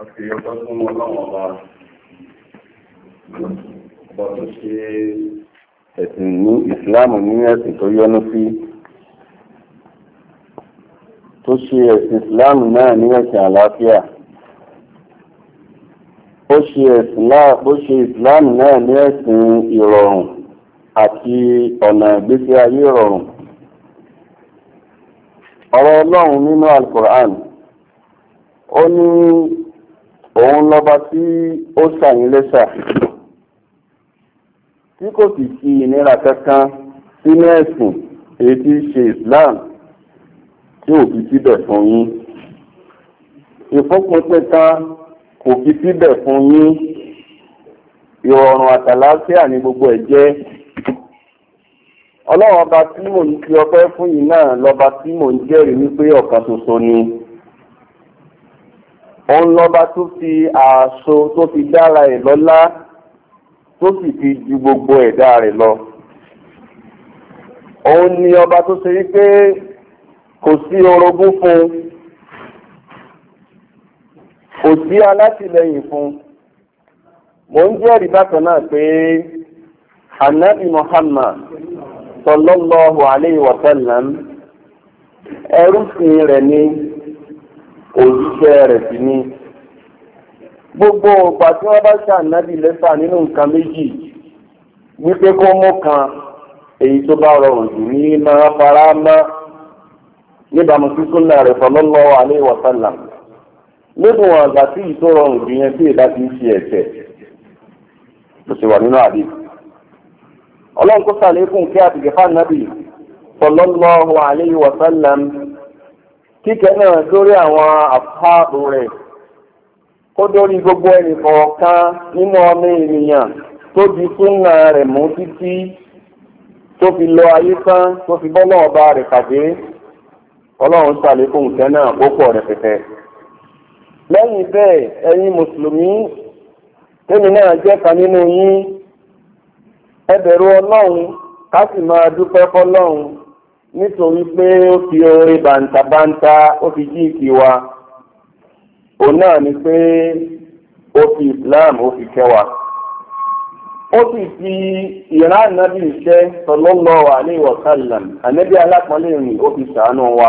àti ọjọ́ fún ọlọ́wọ̀n ọba ọba tó ṣe ẹ̀sìn ní ìsìláàmù ní ẹ̀sìn tó yọ́nú sí tó ṣe ẹ̀sìn ìsìláàmù náà ní ẹ̀sìn àlàáfíà ó ṣe ìsìláàmù náà ní ẹ̀sìn ìrọ̀rùn àti ọ̀nà ìgbésí ayé ìrọ̀rùn ọ̀rọ̀ ọlọ́run nínú alukur'an ó ní òun lọ́ba tí ó ṣàyìn lẹ́ṣà tí kò sì fi ìnira kankan sínú ẹ̀sìn èyí tí í ṣe Islam tí ò fi síbẹ̀ fún yín ìfúnpinpin kan kò fi síbẹ̀ fún yín ìrọ̀rùn àtàlàáfíà ní gbogbo ẹ̀ jẹ́ ọlọ́run ọba tí mò ń fi ọpẹ́ fún yìí náà lọ́ba tí mò ń jẹ́rìí wípé ọ̀kan ṣoṣo ni òun lọ́ba tó fi ààso tó fi dára ẹ̀ lọ́lá tó sì fi ju gbogbo ẹ̀dá rẹ̀ lọ òun ni ọba tó ṣe wípé kò sí orogún fún kò sí alátìlẹyìn fún mo ń jẹ́rìí bákan náà pé anabi muhammad sallallahu alayhi wa sallam ẹrú sìn rẹ̀ ni. òjíṣẹ́ rẹ̀ sì ni gbogbo ọ̀pá tí wọ́n bá ṣàǹnábì lẹ́fà nínú nǹkan méjì wípé kó mú kan èyí tó bá rọrùn jù ní máa fara mọ́ níbàámu sí súnà rẹ̀ àgbà tí tó rọrùn jù yẹn tí ń ṣe ẹ̀ṣẹ̀ tó ṣe wà nínú àdé ọlọ́run sàlékún kí kíkẹ́ náà lórí àwọn àfáàrù rẹ̀ kó dórí gbogbo ẹnì kọ̀ọ̀kan nínú ọmọ ènìyàn tó di súnà rẹ̀ mú títí tó fi lọ ayé tán tó fi bọ́lọ́ ọba rẹ̀ pàdé ọlọ́run ṣàlékún ìtẹ́ náà púpọ̀ rẹpẹtẹ. lẹ́yìn bẹ́ẹ̀ ẹ̀yin mùsùlùmí tẹ́mi náà nínú yín ẹ bẹ̀rù ọlọ́run nítorí pé ó fi orin bàǹtàbàǹtà ó fi jí ìkì òun náà ni pé ó fi Islam ó fi kẹwàá ó sì fi ìran ànábì iṣẹ́ sallallahu alaihi wa sallam ànábì alápọ̀nlé rìn ó fi ṣàánú wa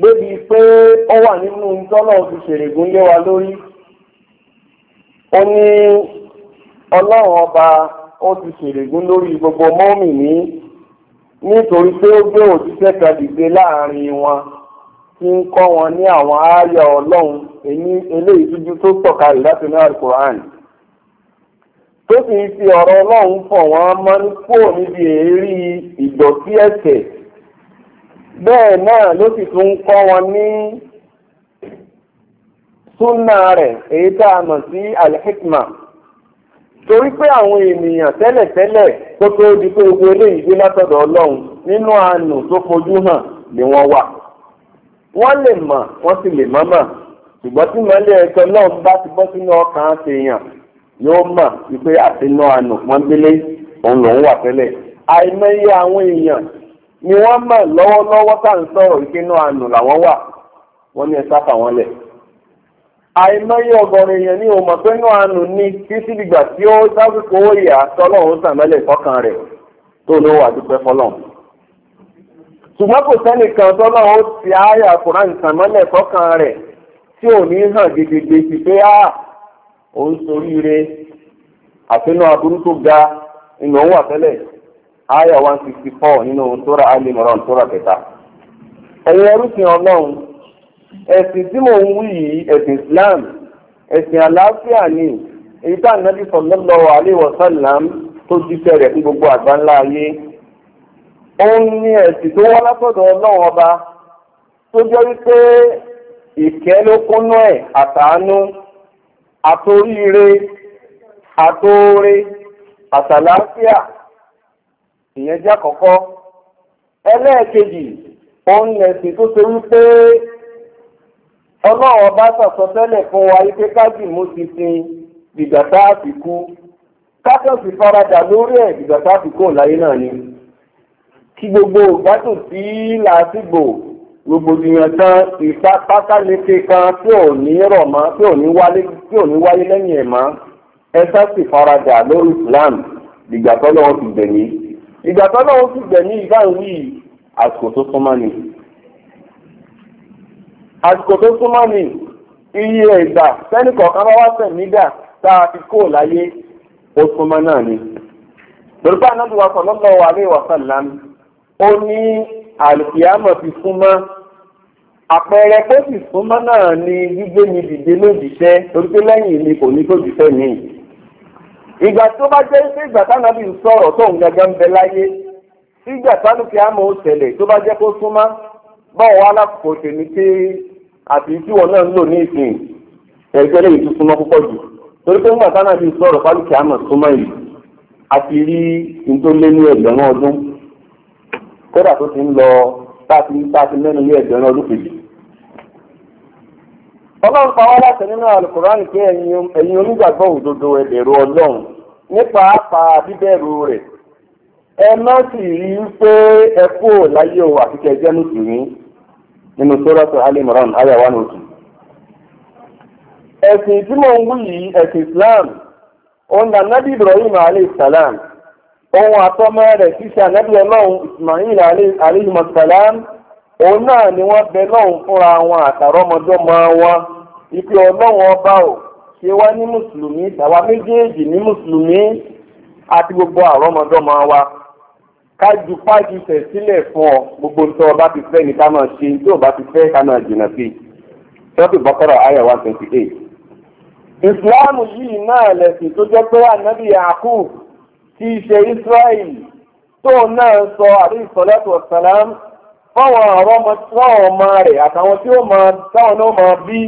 débi pé ó wà nínú tọ́lọ̀ fi ṣèrègùn lé wa lórí ó ní ọlọ́run ọba ó ti ṣèrègùn lórí gbogbo mọ́mì ní nítorí pé ó gbé òṣìṣẹ́ kan dìde láàrin wọn tí ń kọ́ wọn ní àwọn ààyè ọlọ́run eléyìí dúdú tó sọ̀kalẹ̀ láti ní alukoran tó sì ń fi ọ̀rọ̀ ọlọ́run fọ̀ wọ́n mọ́ kúrò níbi èérí ìdọ̀tí ẹ̀ṣẹ̀ bẹ́ẹ̀ náà ló sì tún ń kọ́ wọn ní súnà rẹ̀ èyí tá a mọ̀ sí alhikma. torí pé àwọn ènìyàn tẹ́lẹ̀tẹ́lẹ̀ tó tó di pé gbogbo eléyìí dé látọ̀dọ̀ ọlọ́run nínú àánú tó fojú hàn ni wọ́n wà wọ́n lè mọ̀ wọ́n sì lè mọ̀ mọ̀ ṣùgbọ́n tí mọ́lẹ̀ ẹ̀tọ́ náà bá ti bọ́ sínú ọkàn àtẹ̀yàn yóò mọ̀ wípé àtinú àánú délé òun lòún wà tẹ́lẹ̀ àìmọye àwọn èèyàn ni wọ́n mọ̀ lọ́wọ́lọ́wọ́ tá à ń sọ̀rọ̀ ìpinnu àánú làwọn wà wọ́n ní ẹ sáfà wọn lẹ̀ àìmọye ọgọrin èèyàn ní òmò pé náà àánú ní kí síbìgbà tí ó sásìkò owó ìyá tọlọ́run sàmẹ́lẹ̀ fọkàn rẹ̀ tó ló wà dúpẹ́ fọlọ́run ṣùgbọ́n kò sẹ́nìkan tọ́lọ́run ti àyà kùránì sàmẹ́lẹ̀ fọkàn rẹ̀ tí ò ní hàn gidigidi sí pé á òun soríire àfinú aburú tó ga inú òun àyà one sixty four nínú kẹta ẹrú fi hàn lọ́hùn. ẹ̀sìn tí mò ń wí yìí ẹ̀sìn Islam ẹ̀sìn àlàáfíà ni èyí tá ànábì sallallahu alaihi wasallam tó jíṣẹ́ rẹ̀ fún gbogbo àgbáńlá ayé òun ni ẹ̀sìn tó wá látọ̀dọ̀ ọlọ́run ọba tó jẹ́ wípé ìkẹ́ ló kúnú ẹ̀ àtàánú àtoríire àtóore àtàlàáfíà ìyẹn jẹ́ àkọ́kọ́ ẹlẹ́ẹ̀kejì òun ni ẹ̀sìn tó ṣe wípé ọlọ́run ọba sàsọtẹ́lẹ̀ fún wa yí pé kájìmú ti sin dìgbàtà àfikú kákẹ́sì faradà lórí ẹ̀ dìgbàtà àfikú láyé náà ni kí gbogbo ìgbádùn sí làásìgbò rògbòdìyàn tán ìpápákáleke kan tí ò ní rọ̀ mọ́ tí ò ní wáyé lẹ́yìn ẹ̀ mọ́ ẹ sàsì faradà lórí Islam dìgbàtà ọlọ́run ti gbẹ̀yìn dìgbàtà ọlọ́run ti gbẹ̀yìn ìbáwí àsìkò tó súnmọ́ ni àsìkò tó súnmọ́ ni iye ìgbà sẹ́ni kọ̀ọ̀kan bá wá sẹ̀ nígbà tá a fi kó láyé ó súnmọ́ náà ni. lórúkọ anábì wa sallallahu alaihi wa sallam ó ní àlùkìyàmọ̀ ti súnmọ́ àpẹẹrẹ tó sì súnmọ́ náà ni gbígbé mi dìde lójijẹ́ torí pé lẹ́yìn mi kò ní lójijẹ́ mi. ìgbà tó bá jẹ́ pé ìgbà tánábì ń sọ̀rọ̀ tóun gẹ́gẹ́ ń bẹ láyé ìgbà tánúkìyàmọ̀ ó tẹ̀lẹ̀ tó bá jẹ́ kó súnmọ́ bọ́ọ̀ wá lákòókò tèmi tí àti tí wọn náà ń lò ní ìsìn ẹgbẹ́ lẹ́yìn tó súnmọ́ púpọ̀ jù torí pé nígbà táwọn àti sọ̀rọ̀ pálíkì àmọ̀ súnmọ́ yìí a ti rí lé ní ẹgbẹ̀rún ọdún kódà tó ti ń lọ táàtì táàtì mẹ́nu ní ẹgbẹ̀rún ọdún kejì. ọlọ́run pa wá láti nínú pé ẹ̀yin onígbàgbọ́ òdodo ẹ̀bẹ̀rù ọlọ́run nípa bíbẹ̀rù rẹ̀ ẹ má sì rí pé nínú sóràtò alimran aya one oh two. ẹ̀sìn tí mò ń wí yìí ẹ̀sìn islam òun là nábì ibrahim alayhi salam òun àtọmọ rẹ̀ ṣíṣe ànábì ọlọ́run ismail alayhi salam òun náà ni wọ́n bẹ lọ́hùn fúnra wọn àtàrọ́mọdọ́mọ wọn ipe ọlọ́run ọba ò ṣe wá ní mùsùlùmí tàwa méjèèjì ní mùsùlùmí àti gbogbo àrọ́mọdọ́mọ wa kájú pájú tẹ̀ sílẹ̀ fún ọ gbogbo ntọ́ ọba ti fẹ́ ní ká máa ṣe tí ọba ti fẹ́ ká máa jìnnà sí i sọ́tù bọ́kọ́rọ̀ ayọ̀ one twenty eight. ìsìláàmù yìí náà lẹ̀sìn tó jẹ́ pé ànábì àkú tí í ṣe israẹli tó náà sọ àdéhùn sọlẹ́tù ọ̀sálàm fáwọn ọ̀rọ̀ ọmọ rẹ̀ àtàwọn tí ó máa táwọn náà máa bí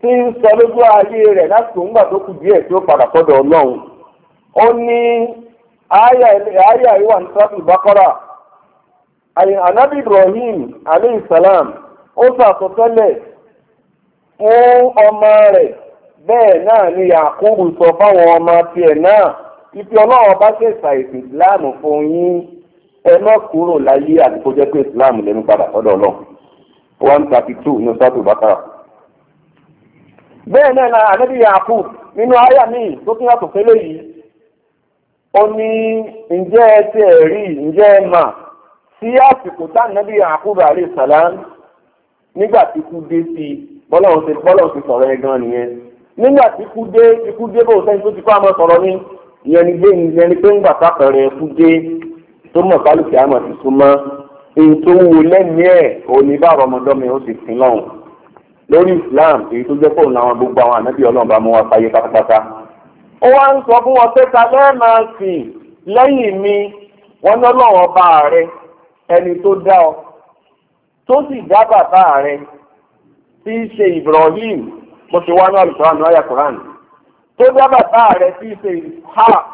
tí ń sọ lójú ayé rẹ̀ láti aya ìwà ní sọ́ọ̀tì bákọ́rà àyìn anabi ibrahim aleyhi salam ó sàsọtẹ́lẹ̀ fún ọmọ ni yakubu sọ fáwọn ọmọ naa náà ibi ọlọ́run bá ṣe ṣàìsì islam fún yín ẹ má kúrò islam lẹ́nu aya ó ní ǹjẹ́ ẹ ti ẹ̀ rí ǹjẹ́ ẹ mà sí àsìkò tánàbí àkúrò àlè sàlám nígbà tí kú dé sí bọ́lọ́run ti bọ́lọ́run ti sọ̀rọ̀ ẹ gan nìyẹn nígbà tí kú dé tí kú dé bóun sẹ́yìn tó ti kọ́ àmọ́ sọ̀rọ̀ ní ìyẹn ni gbé ìyẹn ni pé ń gbà sápẹ̀rẹ̀ kú dé tó mọ̀ kálùkì àmọ̀ ti súnmọ́ èyí tó wù lẹ́mìí ẹ̀ òní bá ọmọdọ́mi ó ti sin lọ́hùn lórí Islam èyí tó jẹ́ pé òun làwọn gbogbo àwọn ànábì Ọlọ́run bá mú wa fáyé pátápátá ó wá ń sọ fún wọn pé ta lẹ́ẹ̀mà lẹ́yìn mi wọ́n rẹ ẹni tó dá ọ tó sì dá bàbá rẹ tí í Ibrahim mo ti wá ní alukuran ní àyà Quran tó rẹ tí í ha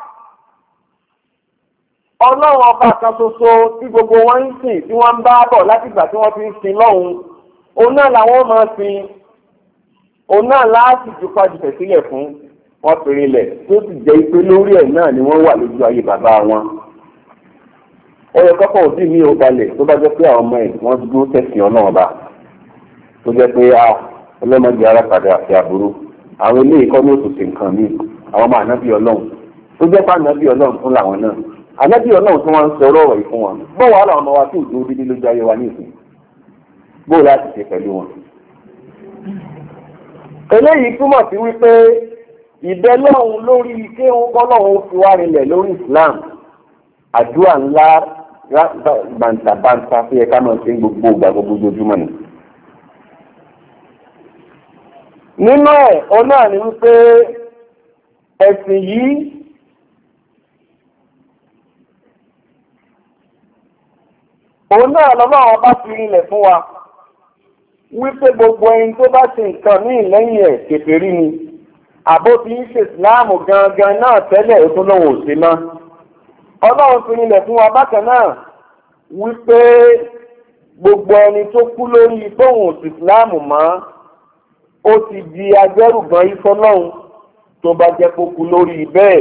ọlọ́run kan soso tí gbogbo wọn ń sìn tí wọ́n ń bá bọ̀ látìgbà tí wọ́n ti ń sin lọ́hùn òun náà làwọn máa sin òun náà sílẹ̀ wọ́n fi rinlẹ̀ tó sì jẹ́ pé lórí ẹ̀ náà ni wọ́n wà lójú ayé bàbá wọn. ó yẹ kọ́kọ́ òbí mi ò balẹ̀ tó bá jẹ́ pé àwọn ọmọ ẹ̀ wọ́n dúró tẹ̀sìn ọ̀nà ọba tó jẹ́ pé a ah, ọlọ́mọdé ara padà àti àbúrò àwọn eléyìí kọ́ ní òtòtò nǹkan mi àwọn ọmọ ànábì ọlọ́run tó jẹ́ pé ànábì ọlọ́run fún làwọn náà ànábì ọlọ́run tí wọ́n ń sọ ọ̀rọ̀ yìí wọn bọ́ wàhálà ọmọ wa tó dúró dídí lójú ayé wa ní ìsìn bó láti ṣe pẹ̀lú wọn. eléyìí túmọ̀ sí wípé ìbẹ́lọ́hún lórí ike ń bọ́lọ́hún fi wá rinlẹ̀ lórí Islam àdúrà ńlá bàǹtàbàǹtà fún ẹ̀ka náà ṣe ń gbogbo ìgbà gbogbo ojoojúmọ́ ni. nínú ẹ̀ ọ̀nà ni wípé ẹ̀sìn yìí òun náà lọ́nà àwọn bá fi rinlẹ̀ fún wa wípé gbogbo ẹni tó bá ṣe nǹkan ní ìlẹ́yìn ẹ̀ kèfèrí ni àbó ti ń ṣe ìsìláàmù gangan náà tẹ́lẹ̀ ó tún lóun ò ṣe mọ́ ọlọ́run fi rinlẹ̀ fún wa bákan náà wípé gbogbo ẹni tó kú lórí bóun ò sì ìsìláàmù mọ́ ó ti di agbẹ́rùgbọ́n ìfọ́lọ́run tó bá jẹ́ kó kú lórí bẹ́ẹ̀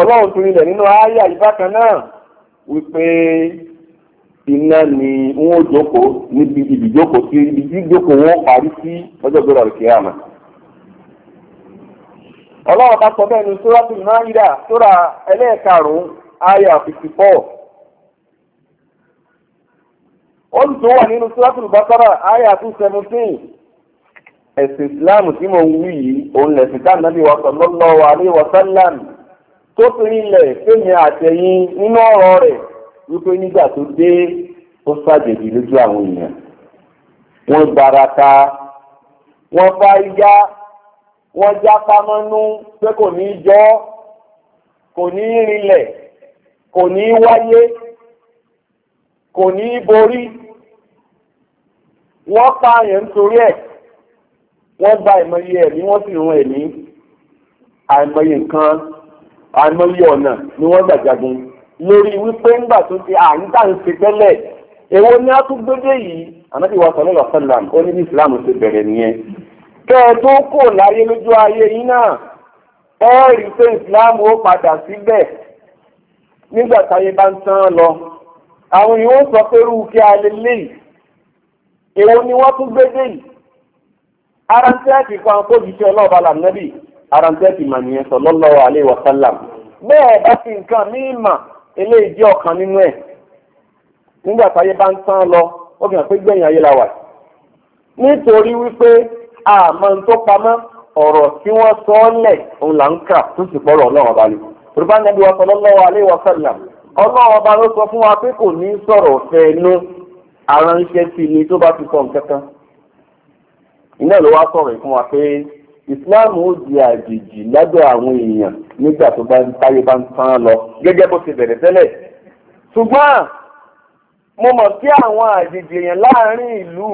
ọlọ́run tó rinlẹ̀ nínú àáyà ìbákan náà wípé iná ni wọ́n jókòó níbi ìdíjókòó sí ibi tí jókòó wọn parí sí ọjọ́ gbọ́dọ̀ kí á mọ̀. ọlọ́run bá sọ bẹ́ẹ̀ ni sóràtù náírà sóra ẹlẹ́ẹ̀karùn-ún àyà fifty four tó wà nínú sóràtù bàkàrà ẹ̀sìn islam tí mo ń yìí òun lẹ̀sìn tá nàbí wa sallallahu tó fi ilẹ̀ fẹ́mi àtẹ̀yìn nínú ọ̀rọ̀ rẹ̀ wípé nígbà tó dé ó lójú wọ́n já pamọ́nú pé kò ní jọ́ kò ní rinlẹ̀ kò ní wáyé kò ní borí wọ́n pààyàn nítorí ẹ̀ wọ́n gba ìmọye ẹ̀mí wọ́n sì run ẹ̀mí àìmọye nǹkan àìmọye ọ̀nà ni wọ́n gbàjagun lórí wípé ńgbà tó ti àyíká ń ṣe tẹ́lẹ̀ èwo ni a tún gbédé yìí ànábìwá sọlọ́lọ́ sọ́làm ó ní bí ìsìláàmù ṣe bẹ̀rẹ̀ nìyẹn kẹ́ ẹ tó kò láyé lójú ayé yín náà ẹ rí pé ó padà síbẹ̀ bá ń tán lọ àwọn yìí ó sọ pé kí a lè lè èwo ni wọ́n tún gbé dé yìí ara ń tẹ́ẹ̀kì kan ṣe ọlọ́ọ̀bá làmúnẹ́bì ara ń tẹ́ẹ̀kì mà nìyẹn sọ lọ́lọ́wọ́ alẹ́ bẹ́ẹ̀ bá fi lọ ó fi hàn pé gbẹ̀yìn la wà nítorí wípé àmọ́ tó pamọ́ ọ̀rọ̀ tí wọ́n sọ lẹ̀ òun là ń kà tó sì pọ̀rọ̀ ọlọ́run ọba lè. Yorùbá nàbí wa sallallahu alaihi wa sallam ọlọ́run ọba ló sọ fún wa pé kò ní sọ̀rọ̀ ọ̀fẹ́ inú ara ń ṣe sí ni tó bá ti sọ nǹkan kan. iná ló wá sọ̀rọ̀ fún wa pé Islam ó di àjèjì lábẹ́ àwọn èèyàn nígbà tó bá ń táyé bá ń tán lọ gẹ́gẹ́ bó ti bẹ̀rẹ̀ tẹ́lẹ̀. ṣùgbọ́n mo mọ̀ sí àwọn àjèjì èèyàn láàárín ìlú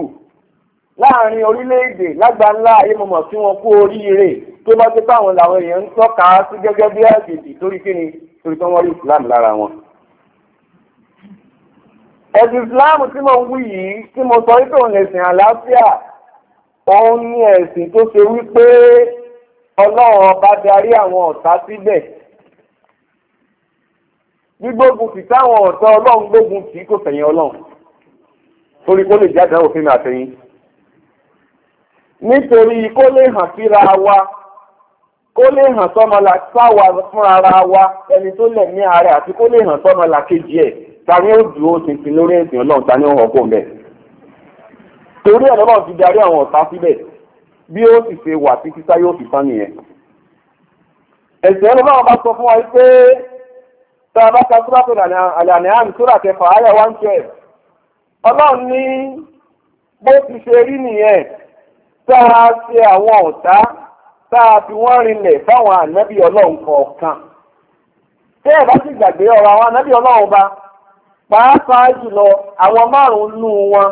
láàrin orílẹ̀-èdè lágbàńlá ayé mo mọ̀ sí wọn kú oríire tó bá tó táwọn làwọn èèyàn ń tọ́ka sí gẹ́gẹ́ bí àjèjì torí kíni torí pé wọ́n rí Islam lára wọn. ẹ̀sìn Islam tí mo ń wí yìí tí mo sọ wípé òun ẹ̀sìn àlàáfíà òun ní ẹ̀sìn tó ṣe wípé Ọlọ́run ọba darí àwọn ọ̀tá síbẹ̀ gbígbógun tì táwọn ọ̀tá Ọlọ́run gbógun tì kò tẹ̀yìn Ọlọ́run torí kó lè jáde òfin àtẹ̀yìn. nítorí kó lè hàn síra wa kó lè hàn sọmọlà fúnra wa ẹni tó lẹ̀ ní ààrẹ àti kó lè hàn sọmọlà kejì ẹ̀ ta ni ó dúró ṣinṣin lórí ẹ̀sìn ọlọ́run ta ni ó hàn kó mbẹ̀. torí ẹ̀ lọ́lọ́run ti darí àwọn ọ̀tá síbẹ̀ bí ó sì ṣe wà títí táyé ó sì tán nìyẹn. ẹ̀sìn ọlọ́run bá sọ fún wa pé tá a bá ka súrátò àlàní àmì súrà kẹfà ààrẹ one twelve ọlọ́run ní bó ti ṣe rí nìyẹn. táa ṣe àwọn ọ̀tá táa fi wọ́n rinlẹ̀ fáwọn ànábì ọlọ́run kọ̀ọ̀kan tí ẹ̀ bá sì gbàgbé ọ̀rọ̀ àwọn ànábì ọlọ́run bá pàápàá jùlọ àwọn márùn-ún nù wọn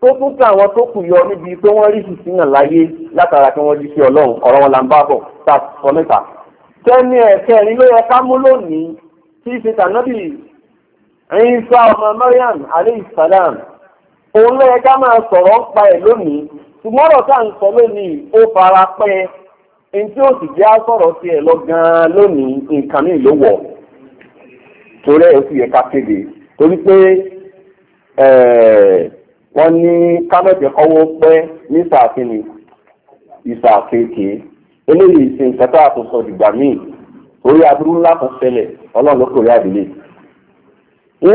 tó tún tà wọn tó kù yọ níbi pé wọ́n rí ìsìnkàn láyé látara kí wọ́n jí sí ọlọ́run ọ̀rọ̀ wọn là ń bá bọ̀ tá a sọ mẹ́ta tẹ́ni ẹ̀kẹrin ló yẹ ká mú lónìí tí ṣe tànábì Ìsá ọmọ Mariam alayhi salam òun ló yẹ ká máa sọ̀rọ̀ ń pa ẹ̀ lónìí ṣùgbọ́n ọ̀rọ̀ tá à ń sọ lónìí ó fara pẹ́ ẹ̀ tí ó sì jẹ́ sọ̀rọ̀ sí ẹ̀ lọ gan-an lónìí nǹkan mi ló wọ̀ torí ẹ̀ sì yẹ ká kéde torí pé wọ́n ní kámẹ́tì kọ́wọ́ pẹ́ ní sàkínì ìsàkéèké eléyìí ṣe nǹkan tá a kò sọ dìgbà míì orí aburú ńlá kan ṣẹlẹ̀ ọlọ́run ló kórè àdílé ń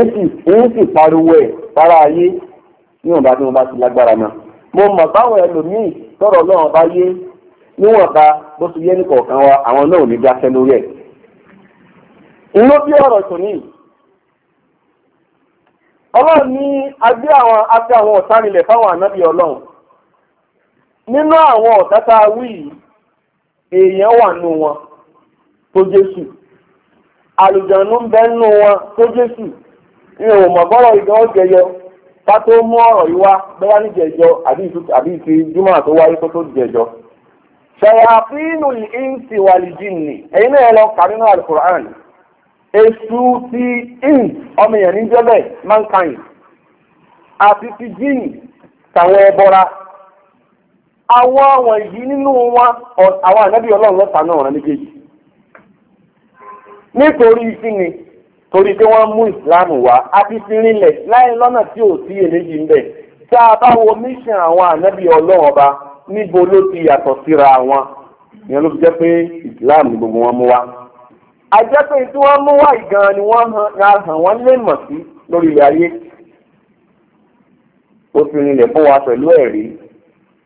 sì pariwo ẹ̀ sára ayé níwọ̀nba tí wọ́n bá ti lágbára náà. mo mọ̀ báwọn ẹlòmíì tọ̀rọ̀ náà bá yé níwọ̀nba bó ti yé wa àwọn náà ò ní dákẹ́ lórí ẹ̀. inú bí ọ̀rọ̀ tòní ọlọ́run ní agbé àwọn agbé àwọn ọ̀tá nílẹ̀ fáwọn ànábì wọn tó jésù wọn tó jésù ìhòòmọ̀ ìdánwò ká tó mú ọ̀rọ̀ yìí wá bẹ́ẹ̀ ní jẹ̀jọ́ àbí ti júmọ̀ tó wáyé kó tó jẹ̀jọ́. ṣàyàfínú ìǹsì wà lè jìn ní ẹ̀yin náà lọ kà nínú alukur'an èṣù ti ìn ọmọ èèyàn ní jẹ́bẹ̀ mankind àti ti jìn tàwọn ẹbọra àwọn àwọn yìí nínú wọn àwọn ànábì ọlọ́run lọ́ta náà rẹ̀ méjèèjì nítorí kí ni. torí pé wọ́n mú ìsìláàmù wá a ti fi rinlẹ̀ láì lọ́nà tí ò sí èméjì ń bẹ̀ tá a bá wo mission àwọn ànábì ọlọ́run ọba níbo ló ti yàtọ̀ síra wọn ìyẹn ló fi jẹ́ pé ìsìláàmù ni gbogbo wọn mú wá. a jẹ́ pé tí wọ́n mú wá ìgan ni wọ́n hàn wọ́n lè mọ̀ sí lórí ilẹ̀ ayé ó fi rinlẹ̀ fún wa pẹ̀lú ẹ̀rí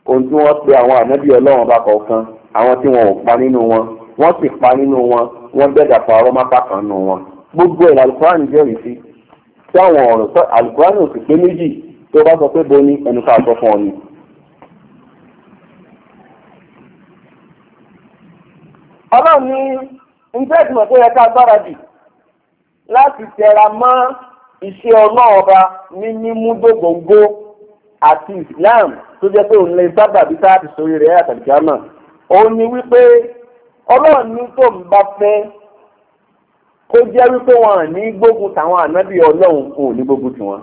ohun tí wọ́n pe àwọn ànábì ọlọ́run ọba kọ̀ọ̀kan àwọn tí wọn ò pa nínú wọn wọ́n sì pa nínú wọn wọ́n dẹ́dà pa ọrọ́ mápá kan nínú wọn gbogbo ẹ̀ alukurani jẹ́rìí sí tí àwọn ọ̀rọ̀ sọ alukurani ò sì pé méjì tó bá sọ pé bo ni ẹnu ká sọ fún ọ ni. ọlọ́run ní njẹ́ ìtumọ̀ tó yẹ ká gbára dì láti tẹra mọ́ iṣẹ́ ọlọ́ọ̀ba ní mímú dògóńgó àti Islam tó jẹ́ pé òun lè sábà bí sáà ti sórí rẹ̀ àtàlùkí àmà òun wípé ọlọ́run ní tó ń bá fẹ́ kó jẹ́ wípé wọn ní gbógun tàwọn ànábì ọlọ́run kò ní gbógun tiwọn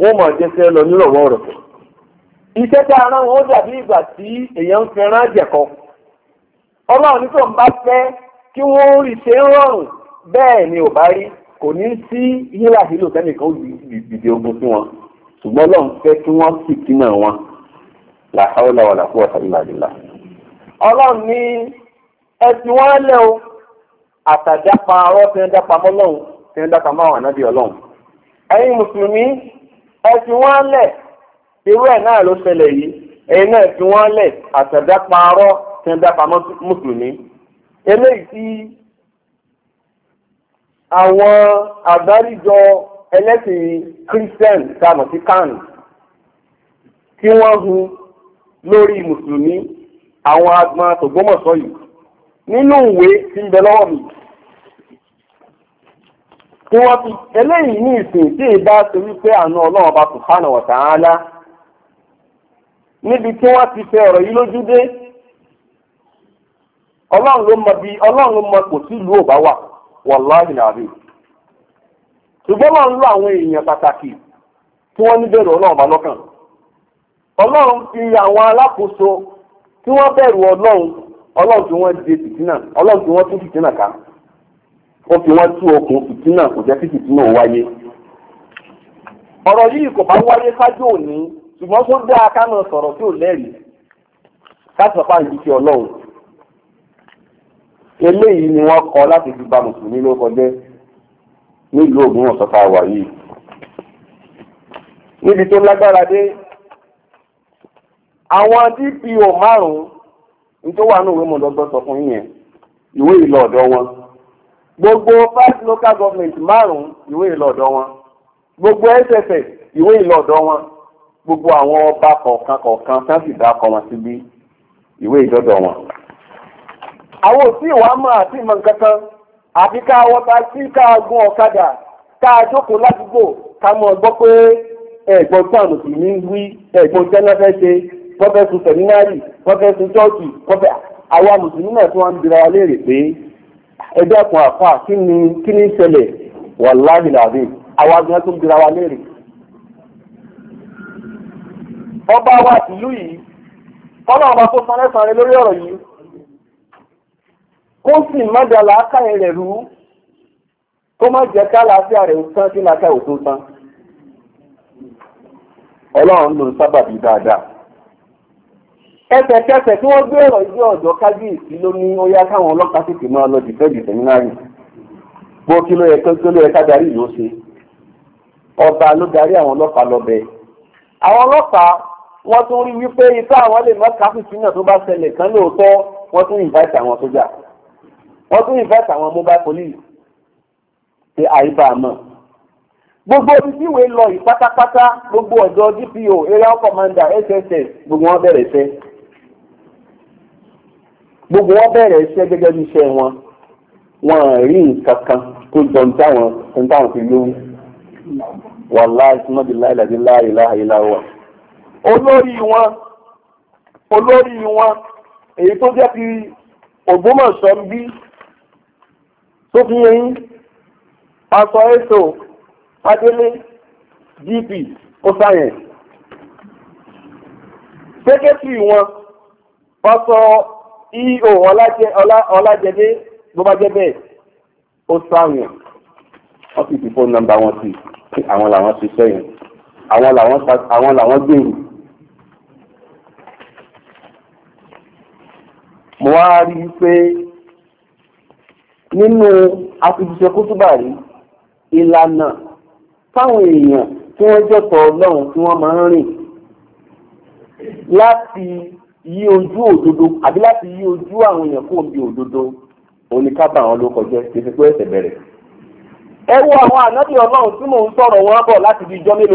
wọn mọ̀ jẹ́ sẹ́ lọ nírọ̀wọ́ ọ̀rọ̀ pẹ̀. iṣẹ́ tá a rán wọn ó dàbí ìgbà tí èèyàn ń fi rán jẹ̀kọ. ọlọ́run ní tó ń bá fẹ́ kí wọ́n rí ṣe ń rọrùn bẹ́ẹ̀ ni ò bá rí kò ní sí hílà hílò tẹ́nìkan ó dìde ogun sí wọn ṣùgbọ́n ọlọ́run fẹ́ kí wọ́n sì kínà wọn làhàólà wàlàkúwà sàbílà àtàdápa arọ́ tí ń dápa mọ́ lọ́hùn tí ń dápa máwọn ànábì ọlọ́hùn. ẹ̀yin mùsùlùmí ẹ fi wọ́n lẹ̀ irú ẹ̀ náà ló ṣẹlẹ̀ yìí ẹ̀yin náà fi wọ́n lẹ̀ àtàdápa arọ́ tí ń dápa mọ́ mùsùlùmí. eléyìí tí àwọn àgbáríjọ ẹlẹ́sìn christian táwọn ti kàn tí wọ́n hu lórí mùsùlùmí àwọn agbọn tògbómọ̀ṣọ́ yìí nínú ìwé tí ń bẹ lọ́wọ́ mi tí wọ́n eléyìí ní ìsìn tí ìbá ṣe wípé àánú ọlọ́run ọba subhanahu wa ta'ala níbi tí wọ́n ti fẹ ọ̀rọ̀ yìí dé ọlọ́run ló mọ bí ọlọ́run ló mọ sí ìlú ò bá wà wàláhì nàbí ṣùgbọ́n máa ń lo àwọn èèyàn pàtàkì tí wọ́n ní bẹ̀rù ọlọ́run lọ́kàn ọlọ́run fi àwọn alákòóso tí wọ́n bẹ̀rù ọlọ́run ó fi wọ́n tú okùn fìtínà kò jẹ́ kí fìtínà ó wáyé. ọ̀rọ̀ yìí kò bá wáyé ṣáájú òní ṣùgbọ́n tó dáa ká máa sọ̀rọ̀ tí ò lẹ́rìí ká sọ fáwọn ibi tí ọlọ́run. eléyìí ni wọ́n kọ láti fi ba mùsùlùmí ló kọjẹ́ nílùú ògùn ọ̀sọ́fà wà yìí. níbi tó lágbára dé àwọn dpo márùn-ún ní tó wà ní òwe mọ̀ọ́dọ́gbọ́n sọ fún yín yẹn ìwé ìlọ ọ̀dọ́ wọn gbogbo five local government márùn-ún ìwé ìlọ̀dọ̀ wọn gbogbo SSS ìwé ìlọ̀dọ̀ wọn gbogbo àwọn ọba kọ̀ọ̀kan kọ̀ọ̀kan tán sì dá ọkọ̀ wọn síbi ìwé ìdọ́dọ̀ wọn. àwọn òsì ìwà mọ àti ìmọ̀ nǹkan kan àfi ká wọta sí ká gun ọ̀kadà ká jókòó ládùúgbò ká mọ̀ gbọ́ pé ẹ̀gbọ́n táwọn mùsùlùmí ń wí ẹ̀gbọ́n jẹ́nẹ́fẹ́ ṣe wọ́n fẹ́ sun sẹ̀mínárì wọ́n fẹ́ sun ṣọ́ọ̀ṣì wọ́n fẹ́ àwa mùsùlùmí náà tí wọ́n ń bira wa léèrè pé ẹgbẹ́ ọ̀pọ̀ àfà kí ni kí ni ṣẹlẹ̀ wàláhì làbí àwa gan tó ń wa léèrè. ọba wa ìlú yìí kọ́nà ọba tó san lórí ọ̀rọ̀ yìí kó sì má da làákàyè rẹ̀ rú kó má jẹ́ ká làáfíà rẹ̀ tán làákàyè ẹsẹ̀kẹsẹ̀ tí wọ́n gbé ọ̀rọ̀ iji ọ̀dọ́ kábíyèsí ló ní ó káwọn ọlọ́pàá tètè máa lọ dìfẹ́ǹdì sẹ́mínárì bó kí ló yẹ kí ló yẹ ìlú ṣe ọba ló darí àwọn ọlọ́pàá lọ bẹ àwọn ọlọ́pàá wọ́n tún rí wípé ifá àwọn lè má kan lóòótọ́ wọ́n tún àwọn sójà wọ́n tún àwọn mobile police ṣe gbogbo ibi lọ yìí gbogbo ọ̀dọ́ DPO area commander SSS gbogbo wọn bẹ̀rẹ̀ gbogbo wọn bẹ̀rẹ̀ iṣẹ́ gẹ́gẹ́ bí iṣẹ́ wọn wọn rí nǹkan kan tó jọ ní táwọn ní táwọn fi lówó wàláì tí wọ́n di láìláàdí láìláìláwọ̀ olórí wọn olórí wọn èyí tó jẹ́ ti Ògbómọ̀ṣọ́ ń bí tó fi yẹn aṣọ èso adélé gp ó sáyẹn ṣékẹ́tì wọn pásọ EO Ọlájẹdé ló bá jẹ́ bẹ́ẹ̀ ó sáwọn wọ́n sì fi fóònù nọ́mbà wọn sí pé àwọn làwọn ti sẹ́yìn àwọn làwọn gbèrú. mo wá rí i pé nínú afiṣiṣẹ́ kútúbà rí ìlànà táwọn èèyàn tí wọ́n jọ̀tọ̀ ọlọ́run tí wọ́n máa ń rìn láti yí ojú òdodo àbí láti yí ojú àwọn èèyàn kó bí òdodo oníkábà àwọn ló kọjá kì í ṣe pé ẹ wo àwọn ànábì ọlọ́run tí mò ń sọ̀rọ̀ wọn bọ̀ láti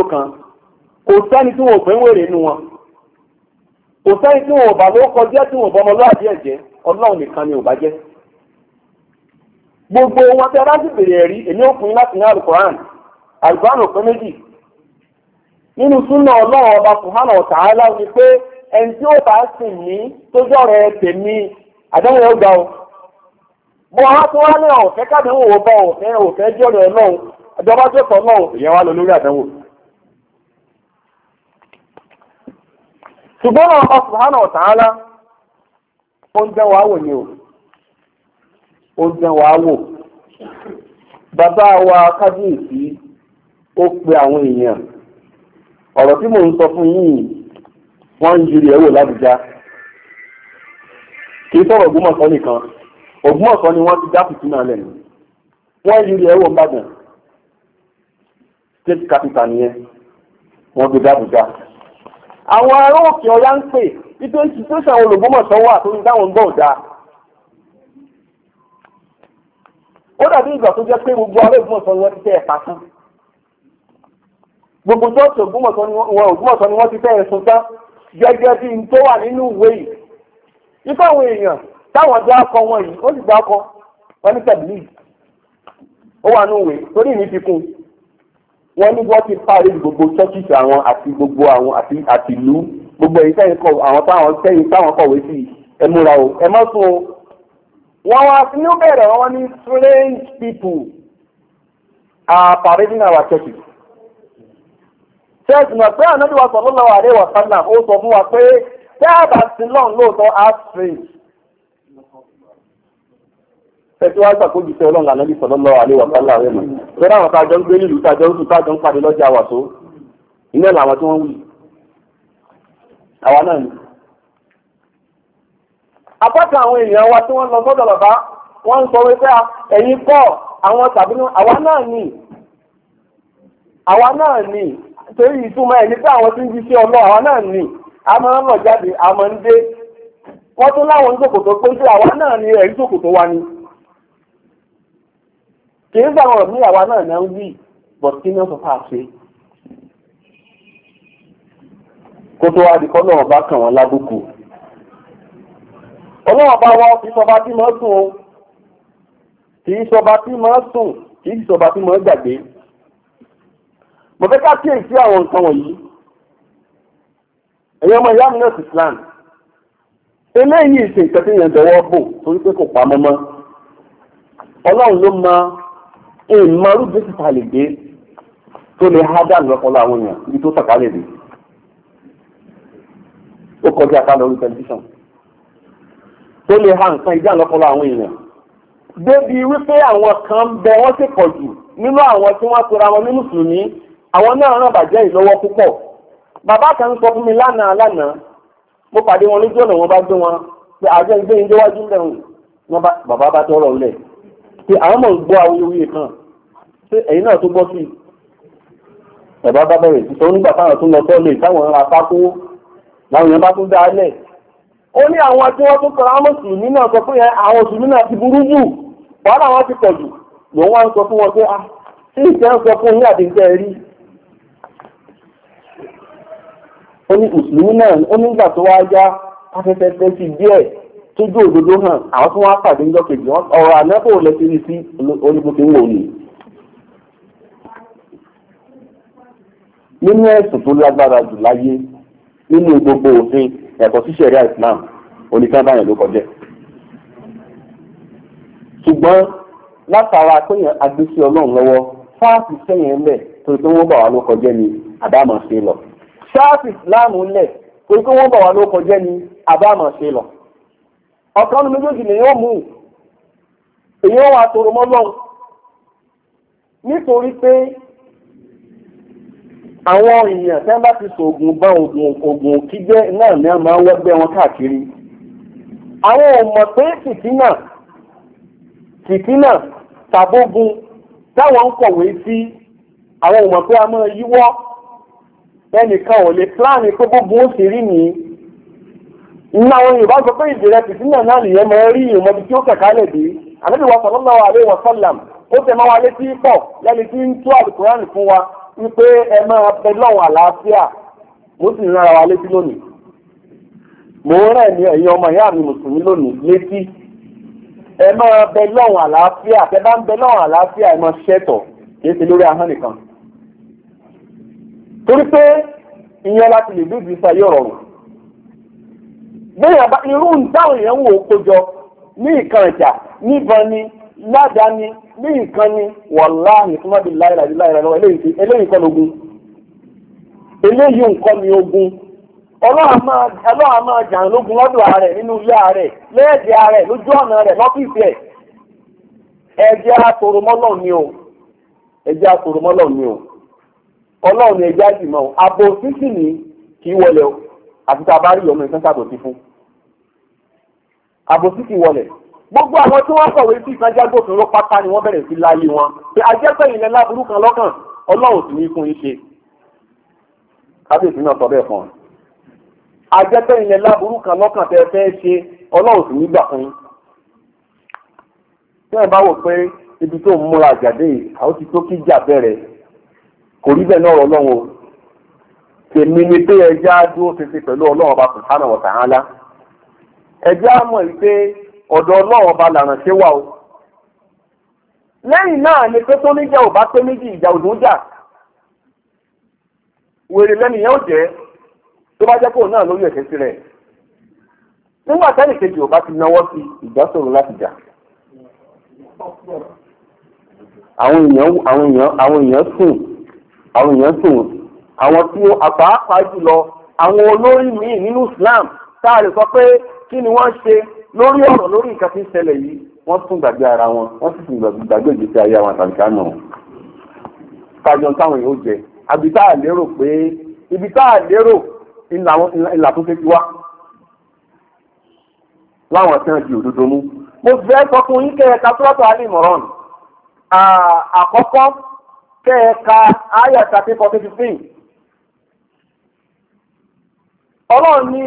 kan kò sẹ́ni tí wọn ò fẹ́ wèrè wọn kò sẹ́ni tí wọn ò bà ló kọjá tí wọn ò bọmọlúwàbí ẹ̀ ọlọ́run nìkan ni ò bá gbogbo wọn tẹ bá sì bèrè ẹ̀rí èmi ò fún láti ní alukoran alukoran ò ọba ẹni tí ó bá sìn mí tójú ọ̀rọ̀ ẹ tèmi àdéhùn ó o mo wá tó wá ní ọ̀fẹ́ bá ọ̀fẹ́ ọ̀fẹ́ náà ìjọba tó tọ̀ náà ìyẹn wá lọ lórí àdéhùn. ṣùgbọ́n náà ọba subhana wa ta'ala ó ń jẹ́ wàá wò ni o ó ń jẹ́ wàá wò bàbá wa kábíyèsí ó pe àwọn èèyàn ọ̀rọ̀ tí mò ń sọ wọ́n ń yiri ẹ̀wò lábújá kì í sọ̀rọ̀ Ògbómọ̀ṣọ́ nìkan Ògbómọ̀ṣọ́ ni wọ́n ti já fìtí náà lẹ́nu wọ́n yiri ẹ̀wò Ìbàdàn state capital nìyẹn wọ́n gbé dábùjá àwọn ará òkè ọ̀yá ń pè nítorí situation àwọn olùgbòmọ̀sọ́ wà tó ń dáwọn ń bọ̀ dáa ó dàbí ìgbà tó jẹ́ pé gbogbo ará Ògbómọ̀ṣọ́ ni wọ́n ti tẹ́ ẹ̀ pàtó gbogbo ṣọ́ọ̀ṣì Ògbómọ̀ṣọ́ ni wọ́n Ògbómọ̀ṣọ́ ni wọ́n ti tẹ́ ẹ̀ sùn tán gẹ́gẹ́ bí n tó wà nínú ìwé yìí nípa àwọn èèyàn táwọn ọjọ́ akọ wọn yìí ó sì gbọ́ akọ wọn ní tẹ̀lé ó wà nínú ìwé torí ní fikún wọn ní wọ́n ti parí gbogbo chọ́kìtì àwọn àti gbogbo àwọn àti àtìlú gbogbo èyí sẹ́yìn kọ àwọn táwọn sẹ́yìn táwọn kọ̀wé sí ẹ múra o ẹ má sùn o wọ́n wá ní ó bẹ̀rẹ̀ wọ́n ní strange people are parading our churches ṣẹ́ẹ̀sì mọ̀ pé ànábì wa sallallahu alaihi wa sallam ó sọ fún wa pé bí a bá sin lọ́n lóòótọ́ astrid tẹ̀síwájú àkójú sí ọlọ́run ànábì sallallahu alaihi wa sallam rẹ̀ mọ̀ pẹ̀lú àwọn tàjọ ń gbé nílùú tàjọ ń sùn tàjọ ń pàdé lọ́jà wà tó iná làwọn tí wọ́n wí àwa náà ni. apáta àwọn èèyàn wa tí wọ́n lọ sọ́dọ̀ bàbá wọ́n ń sọ wípé ẹ̀yin pọ̀ àwọn tàbí àwa náà ni àwa náà ni torí ìtumọ̀ ẹ̀ ní pé àwọn tí ń jíṣẹ́ ọlọ́ àwọn náà nì a máa ń lọ jáde a máa ń dé wọ́n tún láwọn oníṣòkòtò pé ṣé àwa náà ni ẹ̀rí ṣòkòtò wa ni kì í sọ̀rọ̀ ní àwa náà náà ń wí but kí náà sọ fà ṣe kó tó wá di kọ́ náà bá kàn wọ́n lábùkù ọlọ́wọ́n bá wọ́n fi sọba tí mọ́ sùn kì í sọba tí mọ́ sùn kì sọba tí mọ́ gbàgbé mo kee si kíyèsí àwọn nǹkan wọ̀nyí ẹ̀yin ọmọ ìyá mi náà sì plan eléyìí ṣe nǹkan tí yẹn dọwọ́ bò torí pé kò pa mọ́mọ́ ọlọ́run ló mọ ìmọ̀rú dókítà lè dé tó lè há dànù lọ́pọ̀lọ́ àwọn èèyàn ibi tó tàkà lè dé ó kọjá ká lọ ha nǹkan ìjà lọ́pọ̀lọ́ àwọn èèyàn débi wípé àwọn kan bẹ wọ́n sì pọ̀ jù nínú àwọn tí wọn ní àwọn náà ràn bàjẹ́ ìlọ́wọ́ púpọ̀ bàbá kan ń sọ fún mi lánàá lánàá mo pàdé wọn lójú ọ̀nà wọn bá gbé wọn pé àjọ ìgbé yín déwájú lẹ́hùn wọn bàbá bá tọrọ lẹ̀ pé àwọn mọ̀ ń gbọ́ awuyewuye kan pé ẹ̀yin náà tó gbọ́ sí i bàbá bá bẹ̀rẹ̀ sí sọ nígbà táwọn tó lọ sọ́ọ̀lẹ̀ táwọn ará pákó làwọn èèyàn bá tún dá lẹ̀ ó ní àwọn tí wọ́n tún kọ́ra mọ̀sù nínú ọ̀sọ̀ pé àwọn oṣù nínú àti burú jù wàhálà wọn ti pọ̀ jù lòun wá ń sọ fún wọn pé ah sí ìfẹ́ ń sọ fún yín àti ìfẹ́ rí ó ní mùsùlùmí náà ó nígbà tó wá yá afẹ́fẹ́ fẹ́ sí díẹ̀ tó jó òdodo hàn àwọn tó wá pàdé ńjọ́ kejì ọ̀rọ̀ ànábò lẹ́sí sí oníbùsùn wò ni. nínú ẹ̀sùn tó lágbára jù láyé nínú gbogbo òfin ẹ̀kọ́ agbésí ọlọ́run lọ́wọ́ fáàsì sẹ́yìn ni lọ. ṣáàfì láàmù lẹ̀ torí pé wọ́n bọ̀ wá ló kọjá ní àbámọ̀ ṣe lọ. ọ̀kan méjèèjì ni yóò mú èyí wà tòrò mọ́ lọ́rùn nítorí pé àwọn èèyàn tẹ́ bá ti sọ ògùn bá ògùn kígbẹ́ náà ní àmọ́ wẹ́gbẹ́ wọn káàkiri àwọn ò mọ̀ pé tìtínà tìtínà tàbógun táwọn ń kọ̀wé sí àwọn ò pé a máa yíwọ́ ẹnìkan ò lè pláàni pé gbogbo ó sì rí nìyí nínú àwọn yorùbá sọ pé ìdèrè tìtìnà náà nìyẹn mọ rí ìmọ̀ ibi tí ó kẹ̀kẹ́ lè dé àbẹ́bí wa sallallahu alaihi wa sallam ó tẹ máa wálé tí pọ̀ lẹ́ni tí ń tú àlùkùránì fún wa wípé ẹ máa bẹ lọ́wọ́ àlàáfíà mo sì ń rárá wa létí lónìí mo rẹ̀ ní ẹ̀yin ọmọ ìyá mi mùsùlùmí lónìí létí ẹ máa bẹ lọ́wọ́ àlàáfíà tẹ bá ń bẹ lọ́wọ́ àlàáfíà ẹ máa ṣẹ́tọ̀ kì í ṣe lórí ahọ́n nìkan. torí pé ìyẹn láti lè dúdú sí ayé ọ̀rọ̀ bẹ́ẹ̀ irú táwọn èèyàn wò kójọ ní ìkan ìjà níbọn ni ládàáni ní ìkan ni wàláhì fún mọ́bí láìra lọ́wọ́ eléyìí kọ́ lógún eléyìí nǹkan ni ogun ọlọ́run máa jà lógun lọ́dọ̀ ààrẹ nínú ilé ààrẹ lẹ́ẹ̀dẹ̀ ààrẹ lójú ọ̀nà rẹ̀ lọ́fíìsì ẹ̀ ẹ̀jẹ̀ ni o ẹ̀jẹ̀ àtòròmọ́lọ́ ni o. ọlọ́run ẹja sì mọ̀ abo sísì ní kì í wọlé o àti tá a bá rí ọmọ ìsán sàbòsí fún abo sísì wọlé gbogbo àwọn tí wọ́n kọ̀wé sí ìsanjágbó fún ló pátá ni wọ́n bẹ̀rẹ̀ sí láyé wọn pé ajẹ́pẹ́ ilẹ̀ láburú kan lọ́kàn ọlọ́run sì ní fún yín ṣe kábíyèsí náà sọ bẹ́ẹ̀ fún ọ ajẹ́pẹ́ ilẹ̀ láburú kan lọ́kàn tẹ́ fẹ́ ṣe ọlọ́run sì nígbà fún yín tí wọ́n bá wò pé ibi tó ń múra àjàdé yìí àwọn ti tó kí jà kò rí bẹ́ẹ̀ náà ọlọ́run o tèmi ni pé ẹja dúró ṣinṣin pẹ̀lú ọlọ́run ọba subhanahu wa ta'ala ẹja mọ̀ wípé ọ̀dọ̀ ọlọ́run ọba làrán ṣe wà o lẹ́yìn náà ni pé tó ní ò ọba pé méjì ìjà òdùn jà wèrè bá jẹ́ kó náà lórí ẹ̀kẹ́ sí rẹ̀ nígbà ti náwó sí láti jà àwọn èèyàn sùn àwọn èèyàn tòun àwọn tí àpáàpá jùlọ àwọn olórí míì nínú Islam tá a lè sọ pé kí ni wọ́n ṣe lórí ọ̀rọ̀ lórí nǹkan tí ń ṣẹlẹ̀ yìí wọ́n tún gbàgbé ara wọn wọ́n sì tún gbàgbé ìgbésí ayé àwọn àtàlùkà náà tájọ táwọn èèyàn ó jẹ àbí tá a lérò pé ibi tá a lérò ìlà tó ṣe ti wá láwọn tí wọ́n di òdodo mú mo fẹ́ sọ fún yín kẹ́yẹ ká tó lọ́tọ̀ alẹ́ ìmọ̀ràn àkọ́kọ́ kẹ́ẹ̀ka ayà tàbí fourteen fifteen ọlọ́run ní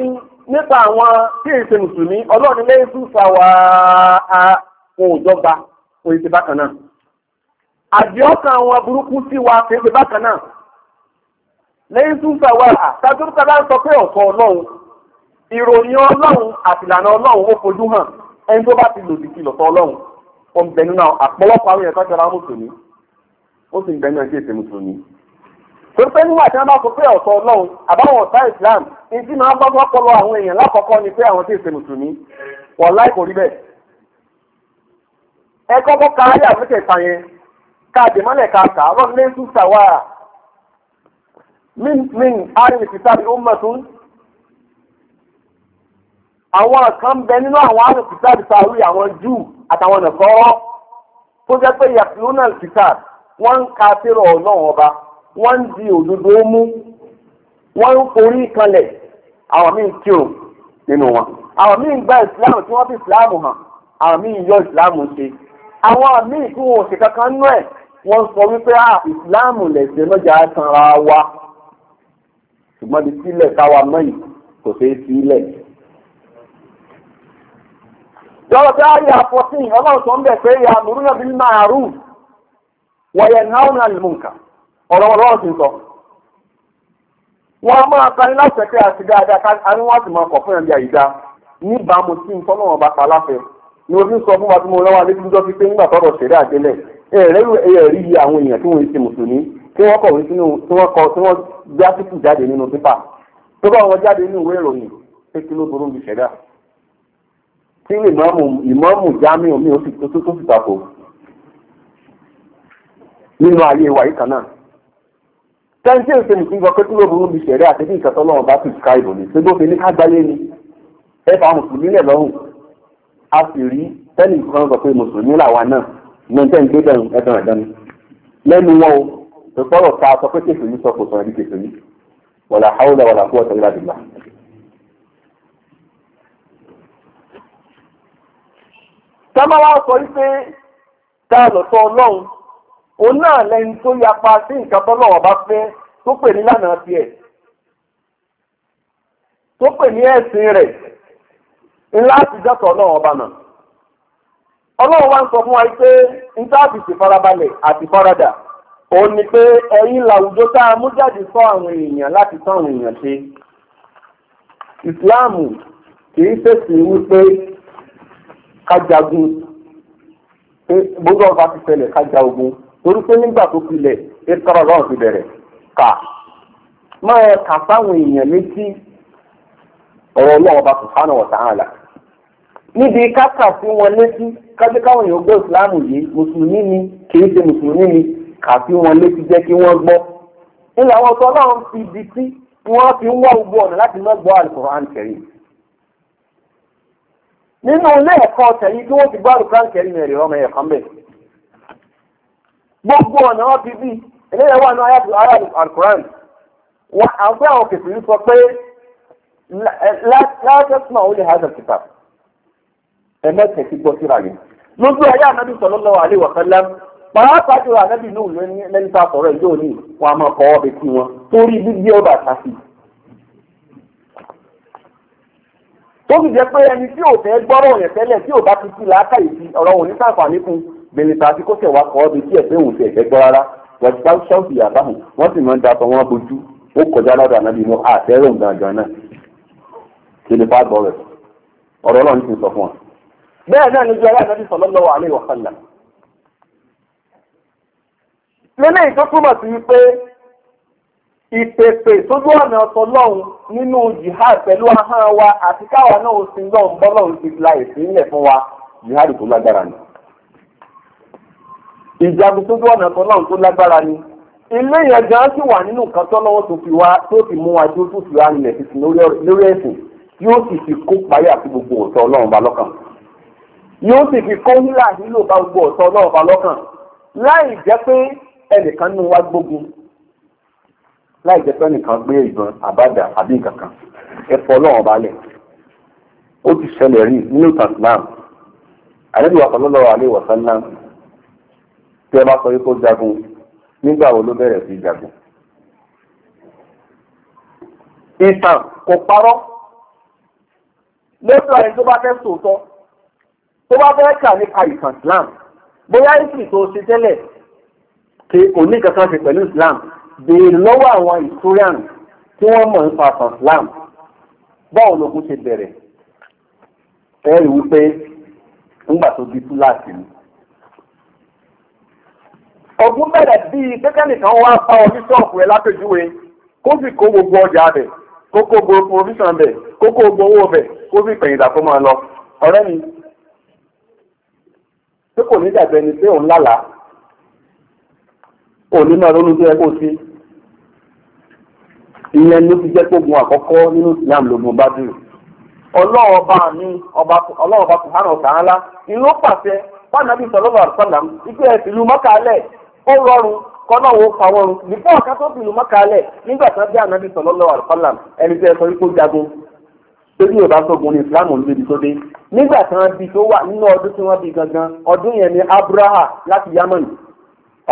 nípa àwọn tí èyí ṣe mùsùlùmí ọlọ́run ní lẹ́yìn tún sàwà á ohun ìjọba ohun ìṣe bákan náà àwọn burúkú sí wa kì í ṣe bákan náà lẹ́yìn tún sàwà á tàbí tó bá ń sọ pé ọ̀tọ̀ ọlọ́run ìròyìn ọlọ́run ọlọ́run ó fojú hàn ẹni tó ó sì ń bẹnu àti èsè mùsùlùmí. torí pé nígbà tí wọ́n bá sọ pé ọ̀tọ̀ ọlọ́run àbáwọn ọ̀tá islam ní tí máa ń bá àwọn èèyàn lákọ̀ọ́kọ́ ni pé àwọn tí èsè mùsùlùmí wọ́n láì kò rí bẹ́ẹ̀. ẹ kọ́kọ́ ka ayé àfẹ́kẹ̀ẹ́ta yẹn ká àdèmọ́lẹ̀ ká kà á rọ́ọ̀lẹ́ sùsà wà á min min àrùn ìfìsàbí ó mọ̀ tún àwọn kan bẹ nínú àwọn àrùn ìfìsàbí sàrú àwọn jù àtàwọn nàkọ́rọ́ tó jẹ́ pé yàtúnú náà ìfìsàbí wọ́n ń ka fẹ́rọ̀ ọlọ́run ọba wọ́n ń di òdodo mú wọ́n ń forí kanlẹ̀ àwọn míì kírun nínú wọn àwọn míì gba ìsìláàmù tí wọ́n fi ìsìláàmù hàn àwọn míì yọ ìsìláàmù ṣe àwọn míì tí wọn ò ṣe kankan nú ẹ̀ wọ́n sọ wípé à ìsìláàmù lẹ̀sẹ̀ lọ́jà tanra wa ṣùgbọ́n ti sílẹ̀ káwa mọ́ yìí kò é sílẹ̀ lọ́wọ́ tí a yà fọ́sìn ọlọ́run sọ ń bẹ̀ pé yà múrúyàn wọ̀yẹ̀nháùn àlùmùnkà ọ̀rọ̀ ọlọ́run ti sọ. wọ́n á máa parí láti ṣẹ̀kẹ́ àti dáadáa ká àwọn wá sì máa kọ̀ fún ẹ̀mí àyíká níbàámu tí nǹkan náà pa láfẹ́ ni o fi sọ fún wa tí mo lọ́wọ́ adébíjọ́ fi pé nígbà tọ́rọ̀ ṣẹ̀dá àjẹlẹ̀ ẹ̀rẹ́ rí àwọn èèyàn tí wọ́n ti mùsùlùmí tí wọ́n kọ̀wé sínú tí wọ́n kọ tí wọ́n gbásíkù jáde nínú pépà tó bá wọn jáde nínú ìwé ìròyìn pé kí ló burú bí ṣẹ̀dá tí ìmọ̀ọ́mù ìmọ̀ọ́mù jámíù mi ò sì tó sì tako nínú ayé wa yìí kan náà tẹ́ńtì èsè nìkan gbọ́ pé kí ló burú bí ṣẹ̀rẹ́ àti bí ìkàtọ́ lọ́wọ́ bá pìtìkà ìbò ní ṣé bó fi ní kágbáyé ni ẹ fa mùsùlùmí lẹ̀ lọ́rùn a sì rí tẹ́nì kan sọ pé mùsùlùmí làwa náà ní ọjọ́ ìgbé dẹ̀rùn ẹ̀dán ẹ̀dán ni lẹ́nu wọn o ìfọ̀rọ̀ ta sọ pé kèfèrí sọ kò sọ ẹ̀dí kèfèrí wàlà haúlà wàlà kú ọ̀tẹ̀ ìlàdìlà tọ́mọ́ wa sọ wípé táà lọ́tọ́ ọlọ́run òun náà lẹ́yìn tó yapa sí nǹkan tọ́lọ́wọ́ bá fẹ́ tó pè ní lánàá tiẹ̀ tó pè ní ẹ̀sìn rẹ̀ ńlá àtijọ́ tọ̀ ọba náà ọlọ́run ń sọ fún wa pé níta àti ìfarabalẹ̀ àti ni pé sọ àwọn èèyàn láti tán àwọn èèyàn ṣe ìsìláàmù fèsì wípé ogun torí pé nígbà tó filẹ̀ ìkọrọ náà ti bẹ̀rẹ̀ kà máa kà sáwọn èèyàn létí ọ̀rọ̀ ọlọ́run ọba subhanahu wa ta'ala níbi káka sí wọn létí kájú káwọn èèyàn gbọ́ ìsìláàmù yìí mùsùlùmí ni kìí ṣe mùsùlùmí ni kà sí wọn létí jẹ́ kí wọ́n gbọ́ nílò àwọn ọ̀tọ̀ ọlọ́run fi di tí wọ́n fi ń wá gbogbo ọ̀nà láti má gbọ́ al nínú ilé ẹ̀kọ́ tẹ̀yí tí wọ́n ti gbọ́ Al-Qur'an Karim ọmọ ẹ̀kọ́ mẹ́rin gbogbo ọ̀nà wọn fi bí eléyà wà ní ayáàbò aráàlú alukuran wọn àwọn àwọn kẹfìrí sọ pé látẹ́sùmọ̀ ó lè hajj kitab ẹ̀mẹ́tẹ̀ ti gbọ́ síra yìí lójú ayé ànábì sallallahu alaihi wa sallam pàápàá jùlọ ànábì ní òun lẹ́yìn tá a sọ̀rọ̀ ìjọ òní wọn a máa kọ́ ọ́ bẹ́ẹ̀ sí wọn torí gbígbé ọba àtàkì. tó sì jẹ́ pé ẹni tí ò fẹ́ gbọ́rọ̀ yẹn tẹ́lẹ̀ tí ò bá ti sí làákàyè sí ọ̀rọ̀ òní sàǹfààní gbèlèta àti kó tẹ̀wá kọ́ ọ́bi tí ẹ̀fẹ́ òun ti ẹ̀fẹ́ gbọ́ rárá wọ́n ti ṣọ́ọ̀bì àbáhùn wọ́n sì máa ń dapọ̀ wọn bojú ó kọjá lọ́dọ̀ ànábì inú àtẹ́rò gangan náà kí ni fáàgbọ́ rẹ̀ ọ̀rọ̀ ọlọ́run ti sọ fún wa. bẹ́ẹ̀ náà ni jọba ànábì sallallahu alaihi wasallam. lélẹ̀ ìtọ́ túmọ̀ sí wípé ìpèpè sójú ọ̀nà ọ̀tọ̀ lọ́hùn nínú jihad pẹ̀lú ahọ́n wa àti káwa náà ó sin lọ́hùn bọ́lọ́hùn ti ìsínlẹ̀ fún wa jihad tó lágbára ni ìjagun sójú ọ̀nà kan náà tó lágbára ni ilé yẹn gan sì wà nínú nǹkan tó lọ́wọ́ tó fi wá tó fi mú wa tó fi wá nílẹ̀ títí lórí ẹ̀sìn yóò sì fi kó payé àti gbogbo ọ̀tọ̀ ọlọ́run ba lọ́kàn yóò sì fi kó hílà nílò bá gbogbo ọ̀tọ̀ ọlọ́run ba lọ́kàn láì jẹ́ pé ẹnìkan nínú wa gbógun láì jẹ́ pé ẹnìkan gbé ìbọn àbádà àbí nǹkankan ẹ̀fọ́ ọlọ́run balẹ̀ ó ti ṣẹlẹ̀ rí nínú tàǹtàn àdébíwá kan lọ́lọ́wọ́ àlẹ́ ìwọ̀sán náà tí ẹ bá sọ wípé ó jagun nígbà wo ló bẹ̀rẹ̀ sí jagun. ìtàn kò parọ́ lẹ́tọ̀ ẹni tó bá fẹ́ sòótọ́ tó bá fẹ́ kà nípa ìtàn Islam bóyá ìsìn tó ṣe tẹ́lẹ̀ kí kò ní ṣe pẹ̀lú Islam béèrè lọ́wọ́ àwọn historian tí wọ́n mọ̀ nípa ìtàn Islam báwo lókun ṣe bẹ̀rẹ̀ ẹ rí wípé ńgbà tó di fúláàsì ni. ogun bẹ̀rẹ̀ bíi kẹ́kẹ́nìkan wá ọ ní lápèjúwe kó sì kó gbogbo ọjà bẹ̀ kó kó gbogbo provision bẹ̀ kó kó gbogbo owó bẹ̀ kó sì máa lọ ọ̀rẹ́ mi tí kò ní dàbẹ̀ ni pé òun lálàá òní máa tó yẹ kó sí ìyẹn ló fi jẹ́ àkọ́kọ́ nínú bá dùn mi ó rọrùn kọ́nà wo nípa ọ̀ká tó fìlú mọ́kàálẹ̀ nígbà tó bí ànábì sallallahu alaihi wasallam ẹni tẹ́ sọ wípé ó jagun torí yorùbá sógun ní níbi tó dé nígbà tó wà abraha láti yamani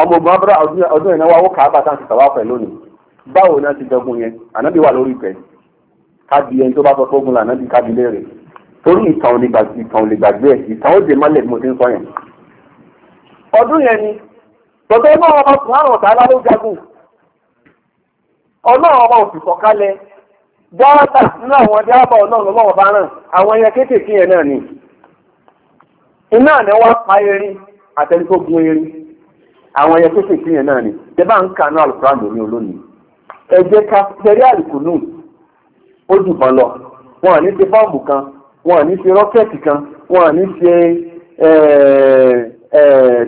ọmọ abraha ọdún yẹn kà á bàtà àti sàwà lónìí báwo náà ti jagun yẹn wà lórí kábi tọ́tọ́ náà ọmọ sùnmọ́ràn ọ̀tàlá ló jagun ọlọ́run ọmọ òsì sọ̀kalẹ̀ dáàbà nínú àwọn dáàbà ọlọ́run ọlọ́run bá ràn àwọn ẹyẹ kéékèèké yẹn náà ni iná ni wọ́n pa erin àtẹni tó gun erin àwọn ẹyẹ kéékèèké ni ń olónìí wọn ṣe kan wọn ṣe kan wọn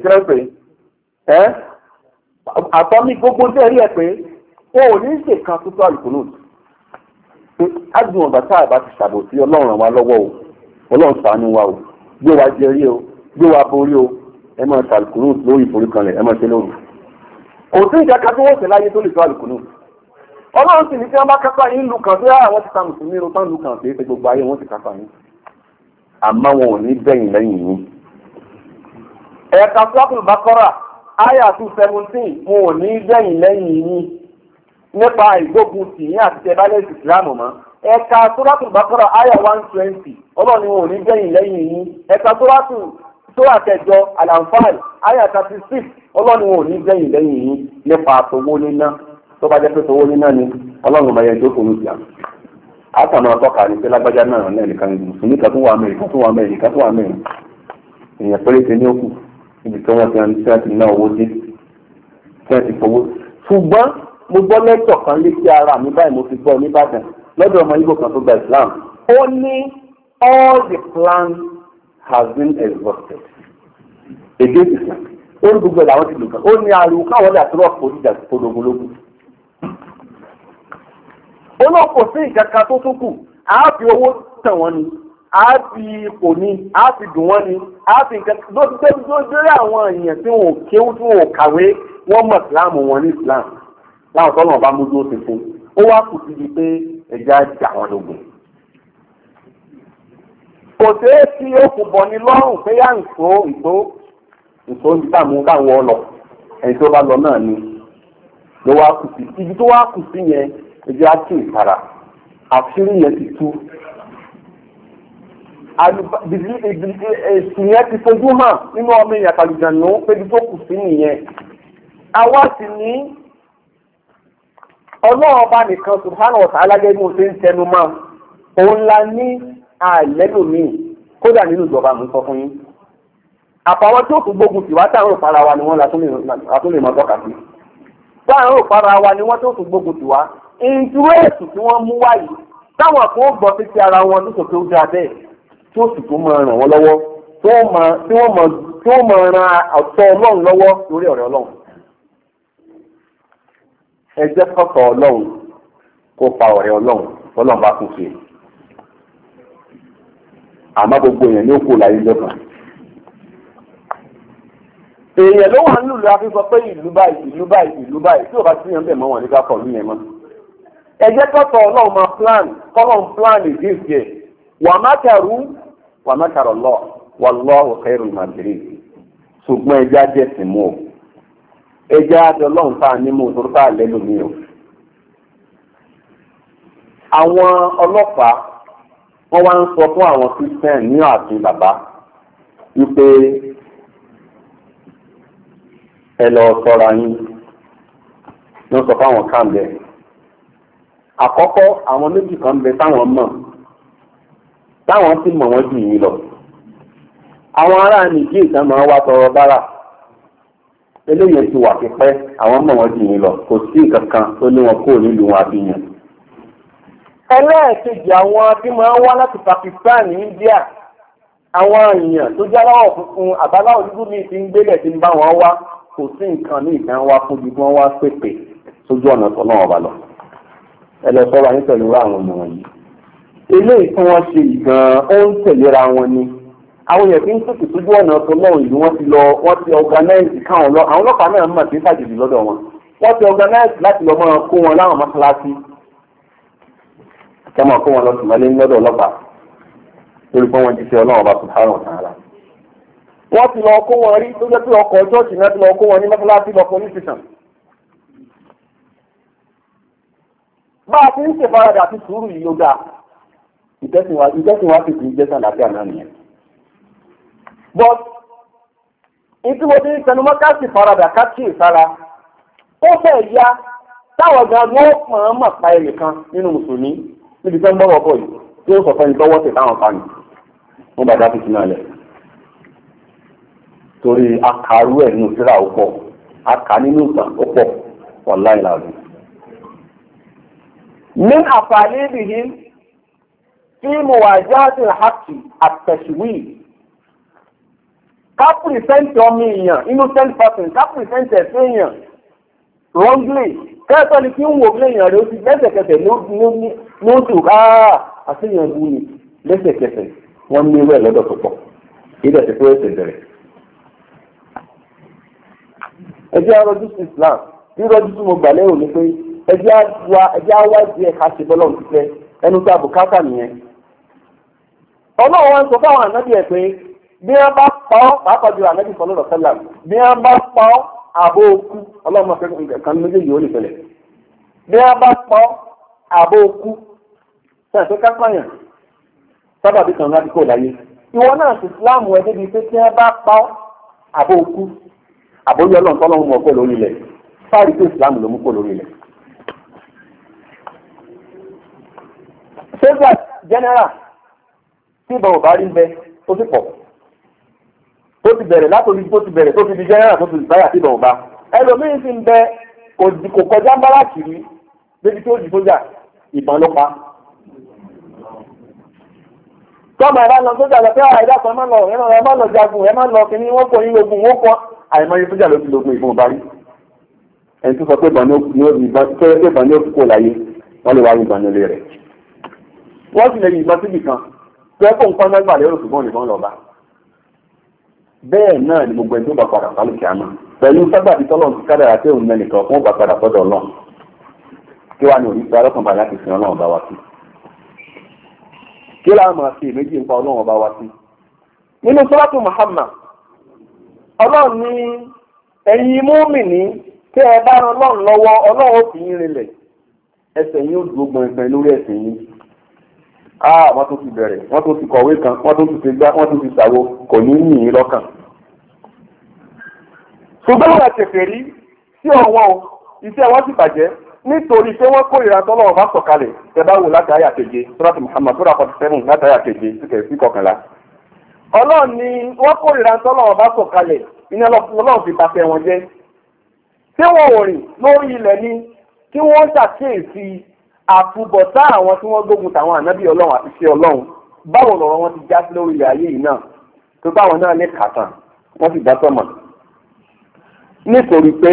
ṣe ẹ́ àtọ́mí gbogbo tẹ́ rí ẹ pé wọn ò ní ṣe kan tuntun àlùkùnú pé ágbìmọ̀ bàtà àbá ti ṣàbò sí ọlọ́run ràn lọ́wọ́ o ọlọ́run wa o gbé wa o gbé wa borí o ẹ máa ṣàlùkùnú lórí kan tó wọ́n ṣe láyé tó lè tó àlùkùnú ọlọ́run sì ní kí wọ́n bá kápá yín lu kàn sí àwọn ti ta mùsùlùmí ro lu gbogbo ayé wọn ti kápá yín àmọ́ wọn ò ní bẹ́yìn lẹ́yìn yín ẹ̀ka aya two seventeen mo ò ní gbẹ̀yìn lẹ́yìn yín nípa ìgbógun tì ni mo ò ní gbẹ̀yìn lẹ́yìn yín ẹ̀ka sóràtù sórà kẹjọ àlàǹfààní àyà thirty ọlọ́run ni mo ò ní gbẹ̀yìn lẹ́yìn yín nípa àtòwó níná tó bá jẹ́ pé tòwó níná ni ọlọ́run ọmọ yẹn àtàwọn pé lágbájá náà níbi tí wọ́n ti hàn tí wọ́n ná owó dé tí ti fowó. ṣùgbọ́n mo gbọ́ lẹ́tọ̀ kan lé sí ara mi báyìí mo fi gbọ́ nìbàdàn lọ́dọ̀ ọmọ Ìgbò kan tó gba Islam ó ní all the plans have been exhausted against Islam ó ní gbogbo ẹ̀ làwọn ti lò kàn ó ní ariwo káwọn ọ̀dà tó rọ̀ kó dìjà polówólógún olóòpò sí ìkàkà tó tún kù àá fi owó tàn wọ́n ni a fi ipò ni a fi dùn wọ́n ni a fi nǹkan tó ti tẹ́lú tó déré àwọn èèyàn tí wọn ò kéwú tí wọn ò kàwé wọ́n mọ̀ síláàmù wọn ní islam láwọn tó lọ́nà bá mójú ó ti fún ó wá kù síbi pé ẹja jà wọn lógun. kò séé tí ó kù bọ̀ ní lọ́rùn pé yá nǹkó ìgbó nǹkó ń dààmú káwọn ọlọ ẹni tó bá lọ náà ni ló wá kù sí ibi tó wá kù sí yẹn ẹja tún ìtara àṣírí yẹn ti tú ẹ̀sùn eh, yẹn ti fojú hàn nínú ọmọ èèyàn àtàlùjànú pébi tó kù sí nìyẹn àwa sì ní ọlọ́run ọba nìkan subhanahu wa ta'ala gẹ́gẹ́ bí mo ṣe ń tẹnu mọ́ òun la ní àìlẹ́lòmíì kódà nínú ìjọba mi sọ fún yín àpàwọn tí ó tún gbógun tìwá táwọn òpara wa ni wọ́n la tún lè mọ tọ́ka sí táwọn òpara wa ni wọ́n tó tún gbógun tìwá ìdúró èsù tí wọ́n mú wáyé táwọn kan ó gbọ́ ti ara wọn nítorí ó dáa bẹ́ẹ̀ tí ó sì tún máa ràn wọ́n lọ́wọ́ tí wọ́n máa tí wọ́n máa tí wọ́n máa ran àtọ́ ọlọ́run lọ́wọ́ lórí ọ̀rẹ́ ọlọ́run. ẹ jẹ́ kọ́kọ́ ọlọ́run kó pa ọ̀rẹ́ ọlọ́run ọlọ́run bá kù sí i. àmọ́ gbogbo èèyàn ní ó kú láyé lọ́kàn. èèyàn ló wà nílùú la fi sọ pé ìlú báyìí ìlú báyìí ìlú báyìí tí ò bá sí yẹn bẹ̀ mọ́ wọn ní ká kọ̀ lóyún yẹn mọ́. ẹ jẹ́ kọ́kọ́ ọlọ́run máa plan kọ́lọ́run plan ìdí ìfẹ́ wàmátàrú wa makara Allah wallahu khairul makirin ṣùgbọ́n ẹja jẹ̀sìn mú o ẹja adọ́lọ́run tá a ní mú torí tá a lẹ́nu mi o. àwọn ọlọ́pàá wọ́n wá ń sọ fún àwọn Christian ní àti bàbá wípé ẹ lọ ṣọ́ra yín ló sọ fáwọn káàmbẹ àkọ́kọ́ àwọn méjì kan bẹ táwọn mọ̀ táwọn sì mọ̀ wọ́n jù yín lọ. àwọn ará nìjí ìtàn máa wá tọrọ bára eléyìí ti wà pípẹ́ àwọn mọ̀ wọ́n jù lọ kò sí kan tó ní wọn kúrò nílùú wọn àbíyàn. ẹlẹ́ẹ̀kejì àwọn tí máa ń wá láti Pakistan India àwọn èèyàn tó jẹ́ funfun àbáláwọ̀ dúdú mi ti ń ti ń bá wọn wá kò sí nǹkan ní ìtàn wá fún bí wọ́n wá lọ. ẹ lọ sọ́ra àwọn ọmọ eléyìí tí wọn ṣe gan ó ń wọn ni àwọn èèyàn tí ń tètè sójú ọ̀nà tó lọ́wọ́ wọ́n ti lọ wọ́n ti káwọn lọ àwọn ọlọ́pàá náà mọ̀ sí lọ́dọ̀ wọn wọ́n ti organize láti lọ mọ́ kó wọn láwọn mọ́ṣáláṣí kí wọ́n máa kó wọn lọ sí mọ́lé lọ́dọ̀ ọlọ́pàá torí pé wọ́n ti ṣe ọlọ́wọ́ bá wọn bá a ti ìtẹ́sìn wá sì kìí jẹ́ sàlàáfíà náà nìyẹn. but ìtí mo ti ń ká sì faradà ká kí ìsára ó ya táwọn gan nínú mùsùlùmí níbi tó ń bọ̀ wọ́pọ̀ yìí tí ó sọ fẹ́ ní tọ́wọ́ sí táwọn fa ni torí ẹ̀ síra ó aka nínú ìtàn ó min àfààní fi muwajahati al-haqqi àtẹ̀síwì ká pìrìsẹ́ǹtì ọmọ èèyàn innocent person ká pìrìsẹ́ǹtì ẹ̀sìn èèyàn wrongly kẹ́ẹ̀tọ́ ni kí ń wo ilé èèyàn rẹ̀ ó ti lẹ́sẹ̀kẹsẹ̀ ló tù káà àṣeyàn bu ni lẹ́sẹ̀kẹsẹ̀ wọ́n ní ewé lọ́dọ̀ tó pọ̀ ilé ẹ̀sìn pé ó ṣe bẹ̀rẹ̀. ẹ jẹ́ Islam rírọ́jú tí mo gbà lérò ni pé ẹ jẹ́ àwa díẹ̀ ká ṣe bọ́lọ́ọ̀ ti ẹnu tó àbùkátà nìyẹn ọlọ́run wa ń sọ fáwọn ànábì ẹ̀ pé bí wọ́n bá pa ọ́ pàápàá jù ànábì sọ lọ́dọ̀ sẹ́lá bí wọ́n bá pa ọ́ àbó okú ọlọ́run máa fẹ́ nǹkan kan méjèèjì ó lè fẹ́lẹ̀ bí wọ́n bá pa ọ́ àbó okú sẹ́yìn tó kápáyàn sábàbí kan láti kó láyé ìwọ náà sì fúláàmù ẹ débi pé tí wọ́n bá pa ọ́ àbó okú àbó yọ ọlọ́run tọ́lọ́run mọ̀ kó lórí general tí ìbọn ò bá rí mbẹ tó sì pọ̀ tó ti bẹ̀rẹ̀ látòrí tó ti bẹ̀rẹ̀ tó ti di general tó ti di báyà tí ìbọn ò bá ẹlòmíín sì ń bẹ kò kọjá mbára kiri débi tó di sójà ìbọn ló pa. tọ́mọ ẹ̀rá lọ sójà lọ pé ara ah, ẹ̀dá kan má lọ ẹ má lọ jagun ẹ má lọ kíní wọ́n kọ yín ogun wọ́n kọ àìmọye sójà ló ti lògùn ìbọn bá rí ẹni tó sọ pé ìbọn ní tẹ́kùn kan náà gbà lérò ṣùgbọ́n nìkan lọ́ba bẹ́ẹ̀ náà ni gbogbo ẹni tó bá padà sálù kíámà pẹ̀lú sábàbí tọ́lọ̀ ti kádàrà tí òun mẹ́nìkan fún ọgbà padà sọ́dọ̀ náà kí wàá ní oníṣẹ́ alọ́kànbá láti sin ọlọ́run bá wa sí kí láà máa fi èméjì ń pa ọlọ́run bá wa sí. nínú sọ́látù Muhammad ọlọ́run ní ẹ̀yin múmìnì tí ẹ bá ran ọlọ́run lọ́wọ́ ọlọ́run ó fi yín rinlẹ̀ ẹsẹ̀ yín ó dúró gbọ̀ngbọ̀n lórí ẹsẹ̀ yín aa ah, wọ́n tún ti bẹ̀rẹ̀ wọ́n tún ti kọ̀wé kan wọ́n tún ti ti gbá wọ́n si ti kò ní ní yín lọ́kàn. ṣùgbọ́n wọn àtẹ̀fẹ̀ rí sí o iṣẹ́ wọn ti bàjẹ́ nítorí pé wọ́n kórìíra tọ́lọ́ ọba sọ̀kalẹ̀ wò láti àyà keje sọ́dọ̀tì forty seven láti àyà keje síkẹ̀ sí kọkànlá. ọlọ́run ni wọ́n tọ́lọ́ ọba sọ̀kalẹ̀ iná fi bàtẹ́ wọn jẹ́. tí wọ́n rìn lórí ilẹ̀ ni kí wọ́n àfubọ̀tá àwọn tí wọ́n gbógun tàwọn ànábì ọlọ́run àti ṣe ọlọ́run báwo lọ̀rọ̀ wọn ti já sí lórí ilẹ̀ ayé yìí náà tó báwọn náà lè kàtàn wọ́n sì dá sọ̀mọ̀. nítorí pé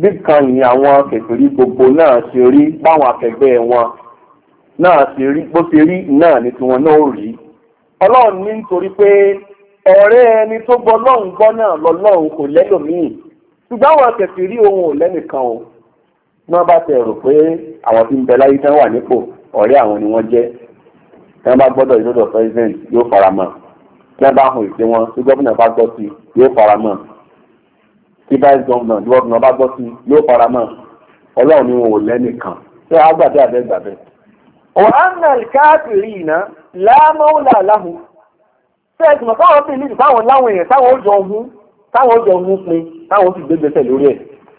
bíkan ni àwọn kẹfìrí gbogbo náà ṣe rí báwọn akẹgbẹ́ wọn náà ṣe rí bó ṣe rí náà ni tiwọn náà ò rí. ọlọ́run ní nítorí pé ọ̀rẹ́ ẹni tó gbọ́ lọ́hùn gbọ́ náà lọ́lọ́hùn kò lẹ́lòmíì ṣùgbọ́n àwọn kẹfìrí ohun ò lẹ́nìkan o tí wọ́n bá tẹ̀ rò pé àwọn tí ń bẹ láyé tán wà nípò ọ̀rẹ́ àwọn ni wọ́n jẹ́ tí wọ́n bá gbọ́dọ̀ ìlọ́dọ̀ president yóò fara mọ́ tí wọ́n bá hùn ìpè wọn tí gómìnà bá gbọ́ sí yóò fara mọ́ tí vice governor tí gómìnà bá gbọ́ sí yóò fara mọ́ ọlọ́run ni wọn ò lẹ́nìkan ṣé àgbàdo àbẹ́gbàbẹ́. ọ̀hánà káàkiri iná lámọ́ọ́lá láhùn fẹ́ẹ̀sì mọ̀ káwọn sì ní ìfáwọn láwọn èèyàn táwọn ó jọ hun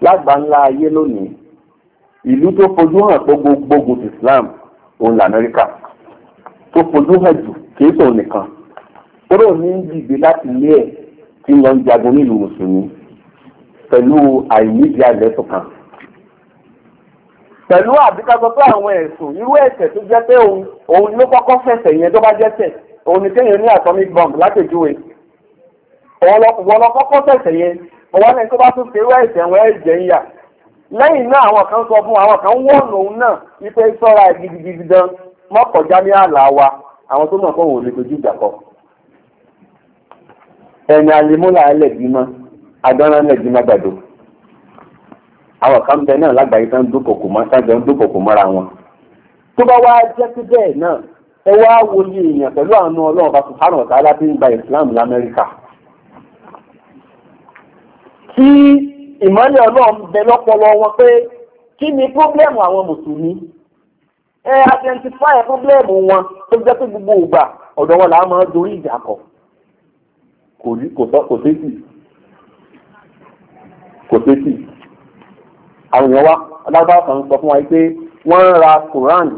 lágbàńlá ayé lónìí ìlú tó fojú hàn pé gbogbogbò Islam òun l'Amẹ́ríkà tó fojú hàn jù kìí sòun nìkan kúrò ní dìde láti ilé ẹ̀ tí lọ ń jagun nílùú mùsùlùmí pẹ̀lú àìníjẹ alẹ́ tọkàn pẹ̀lú àbíkágbọ́ pé àwọn ẹ̀sùn irú ẹ̀ṣẹ̀ tó jẹ́ pé òun ló kọ́kọ́ fẹ̀sẹ̀ yẹn tó bá jẹ́sẹ̀ òun ni kéèyàn ní atomic bomb látẹ̀júwe òun lọ kọ́kọ́ fẹ̀sẹ̀ yẹn ọ̀wọ́n ẹni tó bá tún ṣerú ẹ̀ṣẹ̀ wọn ẹ̀jẹ̀ ń yà lẹ́yìn náà àwọn kan sọ fún àwọn kan wọ́n òun náà wípé sọ́ra gidigidi gan mọ́kànjá ní àlà wa àwọn tó mọ̀ fọ́wọ́ lè dojú ìjà kọ. ẹ̀yìn àlèmúlà ẹlẹ́gbìmọ̀ adọ́rán ẹlẹ́gbìmọ̀ gbàdo àwọn kan bẹ náà lágbàáyé tán dúnkòkò mọ́ sájọ ń dúnkòkò mọ́ra wọn. tó bá wá jẹ́ sí bẹ́ẹ̀ náà ẹ wá wòye èèyàn pẹ̀lú àwọn ọlọ́run bá sùn fáràn ọ̀tá alábí ń gba ìsìlámù lamẹ́ríkà tí ìmọ́lẹ̀ ọlọ́run bẹ lọ́pọlọ wọn pé kí ni pọ́blẹ́mù àwọn mùsùlùmí ẹ identify pọ́blẹ́mù wọn tó jẹ́ pé gbogbo ìgbà ọ̀dọ̀ wọn làá máa dorí ìjà kọ kò rí kò sọ kò sétí kò sétí àwọn èèyàn wa alágbára kan sọ fún wa pé wọ́n ń ra Quran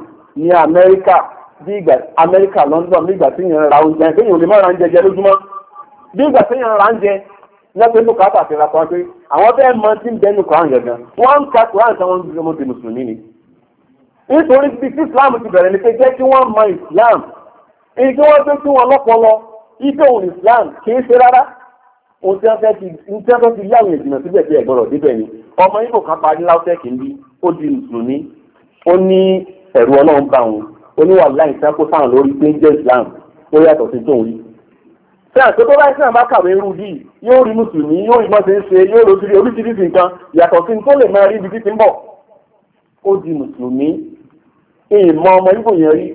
ní Amẹ́ríkà bí ìgbà Amẹ́ríkà London bí ìgbà tí èèyàn ń ra oúnjẹ kéèyàn ò lè má ra oúnjẹ jẹ lójúmọ́ bí ìgbà tí èèyàn ń ra oúnjẹ lẹ́gbẹ́ ló kàá bàtẹ́ ra pé àwọn bẹ́ẹ̀ mọ ń kan wọ́n ń ka Quran tí wọ́n ń gbé mọ́tò mùsùlùmí ni. nítorí bí tí Islam ti bẹ̀rẹ̀ ni pé jẹ́ kí wọ́n mọ Islam èyí tí wọ́n gbé kí wọ́n Islam kì í ṣe rárá ohun ti ìjìnà síbẹ̀ ẹ̀gbọ́n rọ̀ débẹ̀ ni pa ní ń bí ó di mùsùlùmí ó ní ẹ̀rù Ọlọ́run bá òun oníwàlúwà lórí pé ń jẹ́ Islam fẹ́ràn pé tó bá ìsìn àbá kàwé irú yìí yóò rí mùsùlùmí yóò rí mọ́sẹ̀ ń ṣe yóò lójú rí oríṣiríṣi nǹkan yàtọ̀ sí tó lè máa rí ibi títí ń bọ̀ ó di mùsùlùmí ìmọ̀ ọmọ ibò yẹn rí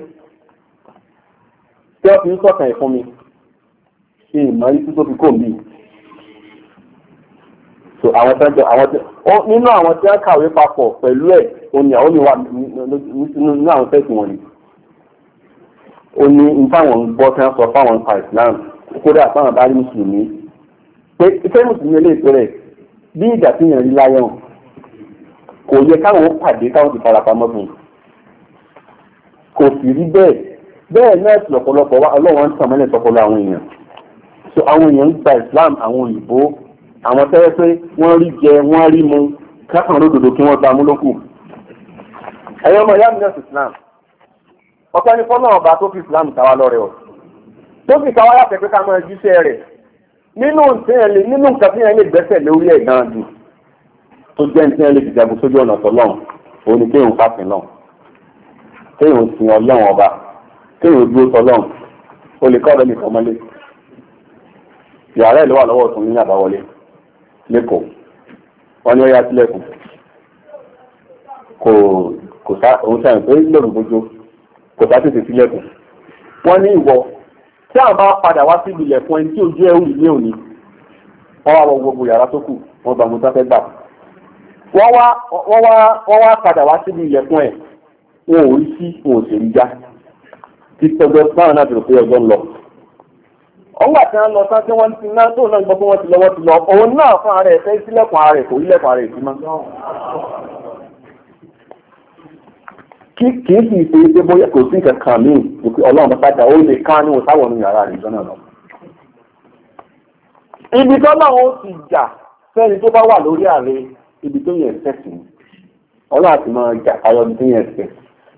tí wọ́n fi ń sọ̀tàn ìfún mi ìmọ̀ ikú tó fi kò mí. so àwọn tí wọ́n jọ àwọn tí nínú àwọn tí wọ́n kàwé papọ̀ pẹ̀lú ẹ̀ òní àwọn mi wà nínú àwọn fẹ́ẹ̀sì wọn ni ó ní n táwọn ń gbọ́ tí wọ́n sọ fáwọn pa ìsìláàmù kódà fáwọn bá rí mùsùlùmí pé ìfẹ́ mùsùlùmí eléyìí rẹ̀ bí ìgbà tí yẹn rí láyọ̀n kò yẹ káwọn ó pàdé káwọn ti farapamọ́ fún un kò sì rí bẹ́ẹ̀ bẹ́ẹ̀ náà sì lọ́pọ̀lọpọ̀ wá ọlọ́wọ́n ń tàn mọ́lẹ̀ sọ́pọ̀lọ àwọn èèyàn so àwọn èèyàn ń gba Islam àwọn òyìnbó àwọn tẹ́lẹ̀ pé wọ́n rí jẹ wọ́n rí mu kákan lódodo kí wọ́n gba mú lókù ẹ̀yọ́ ọmọ ìyá mi náà sí Islam ọ̀pẹ́ ni fọ́nà ọba tó fi Islam tàwa lọ́rẹ̀ tó sì ká wáyà pẹ̀pẹ́ ká máa jíṣẹ́ rẹ̀ nínú nǹkan tí yẹn lè gbẹ́sẹ̀ lórí ẹ̀ gan jù tó jẹ́ ní tí yẹn lè fi jagun sójú ọ̀nà tọ́lọ́run òun ni kéèyàn fàfin náà kéèyàn sin ọlọ́run ọba kéèyàn dúró tọ́lọ́run o lè kọ́ ọ̀rẹ́ nìkan mọ́lé yàrá ẹ̀ ló wà lọ́wọ́ ọ̀tún ní àbáwọlé lẹ́kọ̀ọ́ wọ́n ní ó yá kò kò sá òun sáyẹn pé lóògùn gbójú kò sá tètè sílẹ̀kùn wọ́n ní ìwọ tí àwọn bá padà wá sí ilẹ̀ fún ẹni tí ojú ẹ̀ wù ilé òní wọ́n wá wọ gbogbo yàrá tó kù wọ́n gbà mú sáfẹ́ gbà wọ́n wá padà wá sí ilẹ̀ fún ẹ̀ wọn ò rí sí wọn wọ́n lọ wọ́n ti náà tó náà gbọ́ pé lọ fún ara ẹ̀ fẹ́ sílẹ̀kùn ara ẹ̀ kò ara ẹ̀ sí kì í sì ṣe pé bóyá kò sí kankan míì kò sí ọlọ́run bá padà ó lè kán níwọ̀n sáwọn ọ̀nà yàrá rẹ̀ lọ́nà lọ. ibi tó náà ó ti jà fẹ́ni tó bá wà lórí ààrẹ ibi tó yẹn sẹ́sì ni ọlọ́run àti máa jà ayọ̀ ibi tó yẹn sẹ́.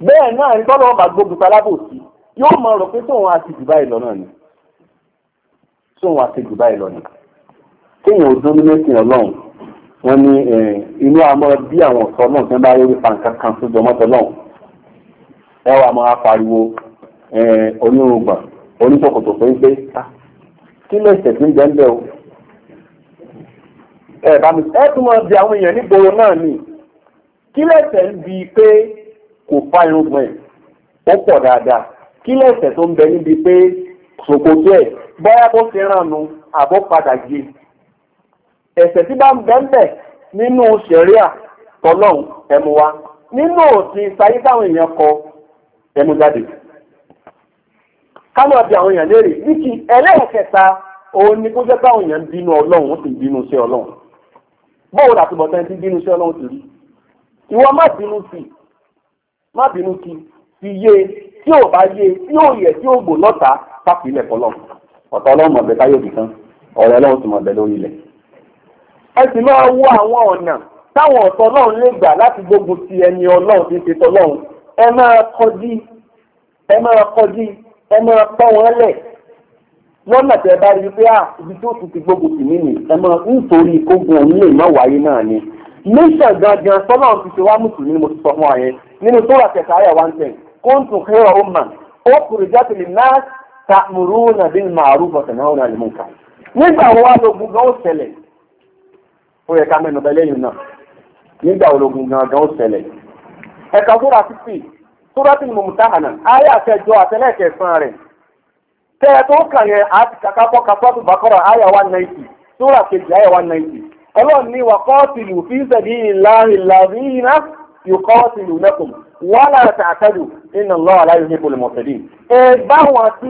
bẹ́ẹ̀ náà ní tọ́lọ́ ọba gbógun talábòsí yóò mọ ọ̀rọ̀ pé tóun àti jù báyìí lọ́nà ni tóun àti jù báyìí lọ́nà kéèyàn ò dúró lẹ́sìn ọlọ́run wọ́n ní inú àmọ́ bí àwọn ọ̀sọ́ náà tí wọ́n bá rí pàǹkà ẹ wà máa pariwo onírúgbà oníṣòkòtò péńpé ah, kí lẹ́sẹ̀ tí ń jẹ́ ń bẹ̀ o. ẹ bá mi ẹ tún máa di àwọn èèyàn nígboro náà nì kí lẹ́sẹ̀ ń bi pé kò fa irungbọ̀n ẹ̀ ó pọ̀ dáadáa kí lẹ́sẹ̀ tó ń bẹ níbi pé ṣòkòtò ẹ̀ bóyá bó ti ràn nu àbọ̀ padà gbé ẹ̀sẹ̀ tí bá ń bẹ́ ń bẹ̀ nínú sẹ̀ríà tọ́lọ́hún ẹ̀mú wa nínú òsì sáyé táwọn èèyàn kọ ẹmú jáde. ká máa bí àwọn èèyàn léèrè ní kí ẹlẹ́ẹ̀kẹta òun ni kó jẹ́ báwọn èèyàn ń bínú ọlọ́run ó sì ń bínú sí ọlọ́run bóun làti bọ̀ sẹ́ni tí bínú sí ọlọ́run ti rí ìwọ má bínú sí má bínú sí ti yé tí ò bá yé tí ò yẹ tí ò gbò lọ́ta sáfì ilẹ̀ kọlọ́m ọ̀tọ̀ ọlọ́run mọ̀bẹ táyé òbí kan ọ̀rẹ́ ọlọ́run sì mọ̀bẹ lórí ilẹ̀ ẹ sì máa wo àwọn ọ̀nà táwọn ọ̀tọ̀ ọlọ́run lè gbà láti gbógun ti ẹni ọlọ́run tí ń ṣe tọ́lọ́run ẹ máa kọjú ẹ máa kọjú ẹ máa pọ́ wọn lẹ̀ lọ́nà tẹ bá rí pé ibi tó tún ti gbógun tì mí ẹ máa nítorí ogun ọ̀hún lè má wáyé náà ni nation gangan sọ́nà ti ṣe wá mùsùlùmí mo ti sọ fún wa yẹn nínú tó rà kẹta àyà one ten kóńtù hẹ́rọ ọ̀mà ó kùrù jáde lè ná tàmùrú nàbí màrú bọ̀tàná ọ̀nà lè mú ká nígbà wo wá lógun gan ó ṣẹlẹ̀ ó yẹ ká mẹ́nu bẹ́lẹ́yìn náà nígbà wo lógun gan gan ó ṣẹlẹ̀ ẹ̀ka sóra fífì sóra tí mo mú táhànà ayé rẹ̀ tẹ́ tó kàn yẹn àti kàkàkọ́ kàkọ́tù bàkọ́rọ̀ ayé one ninety sóra kejì ayé one ninety ọlọ́run ní wà kọ́ọ̀tìlù fi sabilillahi alladhina wala ta'tadu inna Allaha la yuhibbul mu'tadin. ẹ báwọn tí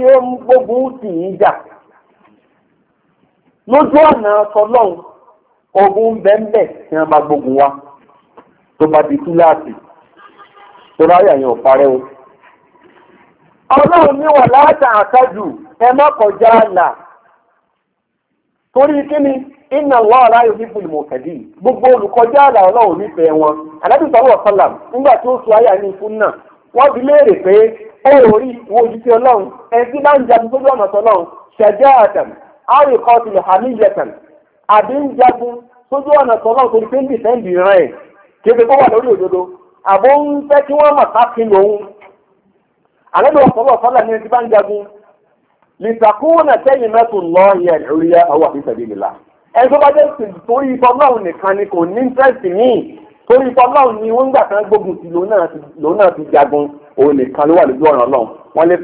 torí ayé àyàn ọ̀parẹ́ ọlọ́run ní wà ẹ má kọjá àlà torí kíni iná lọ́ọ̀ láyò ní bùnú gbogbo olùkọjá àlà ọlọ́run nífẹ̀ẹ́ wọn àdájú sọ́wọ́ sọ́là nígbà tí sọ ayé náà wọ́n fi léèrè pé ó rí ọlọ́run ń jagun sójú ọ̀nà lè hàmí torí pé ń dìfẹ́ǹdì rẹ̀ wà lórí òdodo àbó ń fẹ́ kí wọ́n mọ̀ sáfì lòun àlejò ọ̀sọ́lọ̀ sọ́lá ní ti bá ń jagun lìtàkùnà sẹ́yìn mẹ́tò lọ yẹ ìrìyà ọwọ́ àfihàn ìlà ẹni tó bá jẹ́ torí ìfọ́ náà ni kò ní íńtẹ́rẹ́sì torí kan gbógun ti lòun náà ti jagun òun nìkan ló wà lójú ọ̀ràn náà wọ́n lè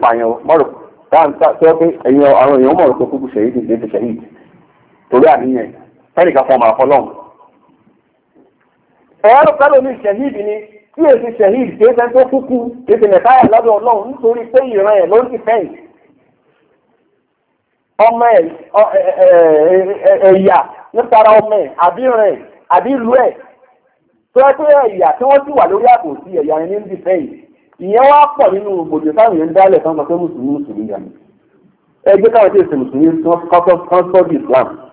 dáńtà tó pé ẹ̀yin àwọn èèyàn tó kúkú ti torí àníyàn tí èsì sẹ̀hìn kìí ṣe tó kúkú èsì mẹ̀táyà lọ́dọ̀ ọlọ́run nítorí pé ìran ẹ̀ ló ń ti fẹ́yìn. ọmọ ẹ̀ ẹ̀yà nípara ọmọ ẹ̀ àbí rẹ̀ àbí ìlú ẹ̀ tó ẹ pé ẹ̀yà tí wọ́n ti wà lórí àpò sí ẹ̀yà ẹni ń ti fẹ́yìn. ìyẹn wá pọ̀ nínú gbòdò táwọn èèyàn dálẹ̀ fún ọmọ pé mùsùlùmí mùsùlùmí yà mí. ẹgbẹ́ káwọn tí èsì mùsùlùmí tí wọ́n kọ́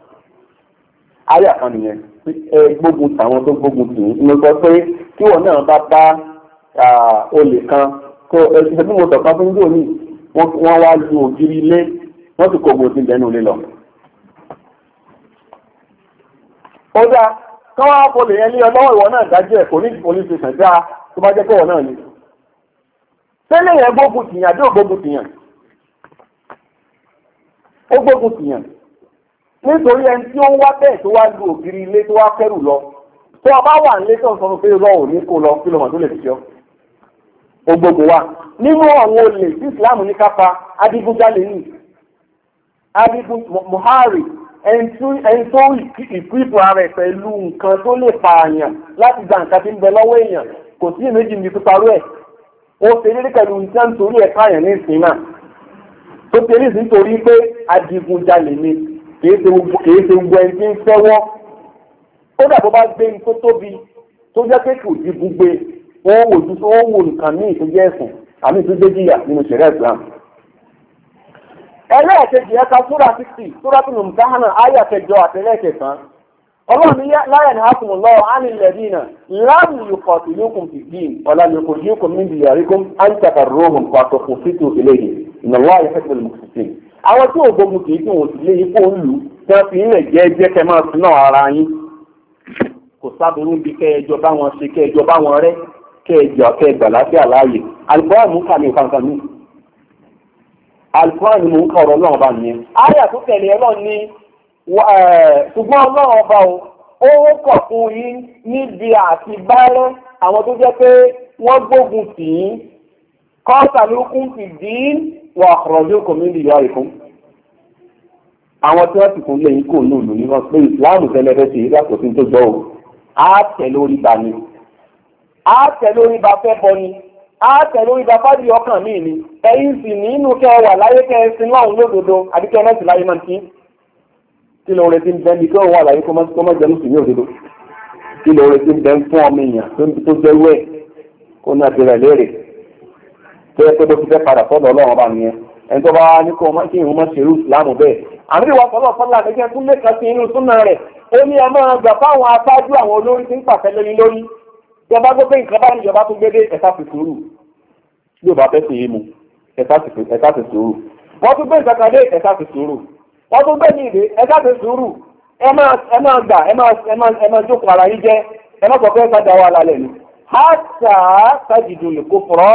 ayé àkànnì yẹn ẹ gbógun tàwọn tó gbógun tì í mo sọ pé kí wọn náà bá bá olè kan kó ẹsẹ bí mo sọ kan fún yóò ní wọn wá lu ògiri ilé wọn sì kó gbòòsì lẹ́nu ilé lọ. ó dáa kán wá polè yẹn ní ọlọ́wọ́ ìwọ náà dájú ẹ̀ kò ní police station dáa tó bá jẹ́ kọ́wọ́ náà ni. sẹ́lẹ̀ yẹn gbógun tìyàn àbí ògbógun tìyàn ó gbógun tìyàn nítorí ẹni tí ó ń wá bẹ́ẹ̀ tó wá lu ògiri ilé tó wá kẹ́rù lọ tó o bá wà nílé tó ń sọ fún pé lọ ò ní kó lọ kí lọmọ tó lè fi jọ ògbógbò wa nínú àwọn olè tí Islam ní kápá adigunjalè ní adigun muhari ẹni tó ìkúìpù ara ẹ̀ pẹ̀lú nǹkan tó lè pààyàn láti gba nǹkan tí ń bẹ lọ́wọ́ èèyàn kò sí ìméjì ní píparú ẹ̀ ó ṣe rírí pẹ̀lú nǹkan torí ẹ̀ pààyàn ní ìsìn náà tó ṣe rí sí nítorí pé adigunjalè ni kìí ṣe gbogbo ẹni tí ń fẹ́wọ́ kódà bó bá gbé ní tóbi tó jẹ́ pé kò di gbogbo wọn wò ju wọn wò nǹkan míì tó jẹ́ ẹ̀sùn àmì tó gbé jìyà nínú ṣẹ̀rẹ́ Islam. ẹlẹ́ẹ̀kejì ẹ̀ka súra sixty súra tó nù mùtáhánà ayà kẹjọ àtẹlẹ́kẹsàn ọlọ́run ní láyà ní hàkùnmù lọ́wọ́ á lẹ́bí náà láàmù yòókọ̀ tó yókùn fi dín ọ̀la ní yókùn níbi àwọn tí ògbógun kì í dùn òsì lé ipò ń lù tí wọ́n fi ń rẹ̀ jẹ́ jẹ́ kẹ́ máa fi náà ara yín kò sábòrú bí kẹjọ bá ṣe kẹjọ bá rẹ kẹjọ kẹgbà lábẹ́ àlàyé alukóra mú kàmí kankan mi alukóra ni mò ń kà ọ̀rọ̀ náà bá nìyẹn. àyà tó tẹ̀lé ẹ náà ni ṣùgbọ́n ọlọ́run ọba o ó kọ̀ fún yín níbi àti bárẹ́ àwọn tó jẹ́ pé wọ́n gbógun tì í kọ́sàlùkùn fi dín wà àkọ̀rọ̀dúnkùn mi nìyọ ìkún. àwọn tí wọ́n ti kún lẹ́yìn kò ní òlù níwọ̀n pé ìsìláàmù tẹ́lẹ̀ fẹ́ ṣe é yàtọ̀ sí tó gbọ́ o á tẹ̀ lórí ba ni á tẹ̀ lórí ba fẹ́ bọ ni á tẹ̀ lórí ba fájú ọkàn mi ni ẹ̀yin sì nínú kẹ́ ẹ wà láyé kẹ́ ẹ sin lọ́hùn lódodo àbí kẹ́ ẹ mẹ́sì láyé máa ti kí lóore ti ń bẹ́ mi kí òun wà láyé kó mọ́ jẹ́ mùsùlùmí òdodo kí lóore ti ń bẹ́ fún ọmọ èèyàn tó jẹ́rú ẹ̀ kó náà ti rẹ̀ léèrè tó yẹ pé bó ti fẹ́ padà sọ́dọ̀ ọlọ́run ọba nìyẹn ẹni tó bá ní kó kí ìhun mọ́ ṣerú ìsìláàmù bẹ́ẹ̀ àmì wà sọ́dọ̀ sọ́dọ̀ àtẹ́jẹ́ tún lè kan sí inú súnà rẹ̀ ó ní ẹ máa gbà fáwọn aṣáájú àwọn olórí tí ń pàṣẹ lórí lórí ìjọba gbé pé nǹkan bá ní ìjọba tó gbédé ẹ̀ka fi sùúrù bí ò bá fẹ́ sí ìmú ẹ̀ka fi sùúrù wọ́n tún gbé nǹkan kan dé ẹ̀ka fi sùúrù wọ́n tún gbé ní ìdè ẹ̀ka fi sùúrù ẹ máa gbà ẹ máa jókòó ara yín jẹ́ ẹ má sọ pé ẹ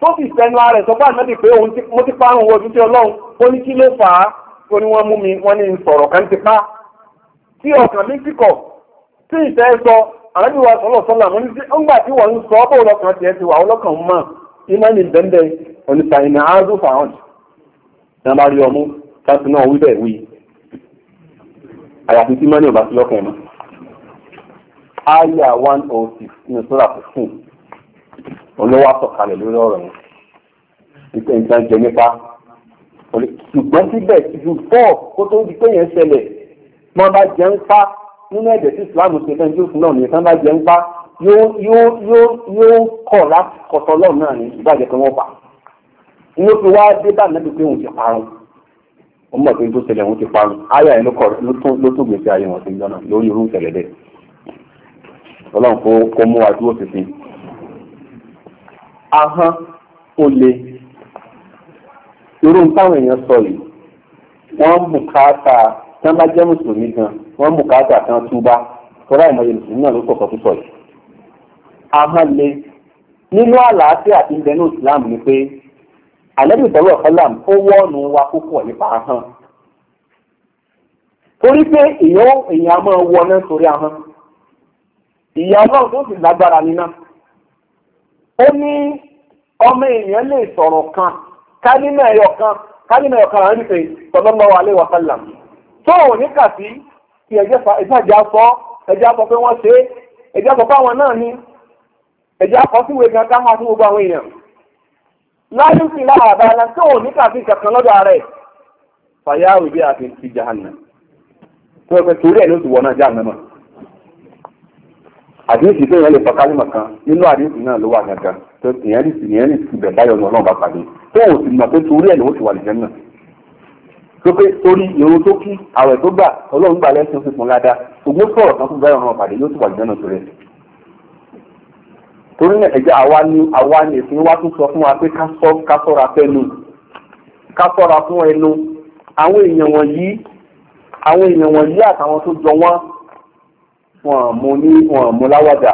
tó sì sẹ́nu ara ẹ̀ sọ bá ànábì pé òun mo ti pa àwọn ọlọ́run ó ní kí ló fà á ó ní wọ́n mú mi wọ́n ní sọ̀rọ̀ kan ti pa tí ọkàn mi ti kọ̀ tí ìfẹ́ sọ ànábì wa sọ̀rọ̀ sọ́là mo ní sí ńgbà tí wọ́n ń sọ bó lọ́kàn tiẹ̀ ti wà ọlọ́kàn mọ̀ ìmọ̀ ní bẹ́ńdẹ̀ oníta ìnà áàzù fàáhàn ní bá rí ọmú káàtì náà wí bẹ́ẹ̀ wí olówó àtọ̀kalẹ̀ lórí ọ̀rọ̀ yẹn nípa nǹkan jẹ nípa ṣùgbọ́n síbẹ̀ ṣùgbọ́n kó tó di pé yẹn ṣẹlẹ̀ tí wọ́n bá jẹ́ ń pa nínú ẹ̀dẹ̀ tí ìsìláàmù ṣe fẹ́ jófin náà nìyẹn tí wọ́n bá jẹ́ ń pa yóò kọ̀ láti kọ̀tọ̀ lọ́ọ̀ náà ní ìbàjẹ́ pé wọ́n pa inú fi wá dé bá nàbí pé òun ti parun ó mọ̀ pé tó ṣẹlẹ̀ òun ti parun ayé àyè ló tó gbèsè ayé wọn sí lọ́nà lórí irú ìṣẹ̀lẹ̀ bẹ́ẹ̀ ọlọ́run kó mú wa dúró sí ahọ́n ó le irú táwọn èèyàn sọ yìí wọ́n bùkátà tí wọ́n bá jẹ́ mùsùlùmí gan wọ́n bùkátà kan túbá tọ́lá ìmọ̀ye mùsùlùmí náà ló sọ̀kọ̀ tó sọ yìí. ahọ́n le nínú àlàáfíà àti ìbẹ̀nú Islam ni pé àlẹ́bí tọ́lọ̀ ọ̀kọ́làm ó wọ́ọ̀nù wa púpọ̀ nípa ahọ́n torí pé èèyàn máa wọ náà sórí ahọ́n ìyá ọlọ́run tó sì lágbára nínú náà. ó ní ọmọ èèyàn lè sọ̀rọ̀ kan kálímà ẹ̀yọ̀ kan kálímà ẹ̀yọ̀ kan wa sallam tó ò ní kà sí kí ẹ̀jẹ̀ fa ìbàjẹ́ pé wọ́n ṣe é náà sí ìwé kan ká máa fún gbogbo àwọn èèyàn láyé sí tó ní kankan lọ́dọ̀ ara ẹ̀ fàyà òbí àti àdéhùn tó yẹn lè fọ kálímà kan nínú àdéhùn náà ló wà gangan tó ìyẹn lè sì ìyẹn lè sì bẹ̀ báyọ̀ náà bá pàdé tó o sì mọ̀ pé torí ẹ̀ ló ti wà lè jẹun náà tó pé torí irun tó kí àwẹ̀ tó gbà ọlọ́run gbà lẹ́sìn fún fún ládàá ògbó sọ̀rọ̀ kan fún báyọ̀ náà pàdé yóò ti wà lè jẹun náà torí ẹ̀ torí náà ẹ̀jẹ̀ àwa ni àwa ni èsì wa tún sọ fún wa pé ká sọ́ra fẹ́nu ká sọ́ra fún ẹnu àwọn èèyàn wọ̀nyí àwọn èèyàn wọ̀nyí àtàwọn tó jọ wọ́n wọn mú ní wọn mú láwàdà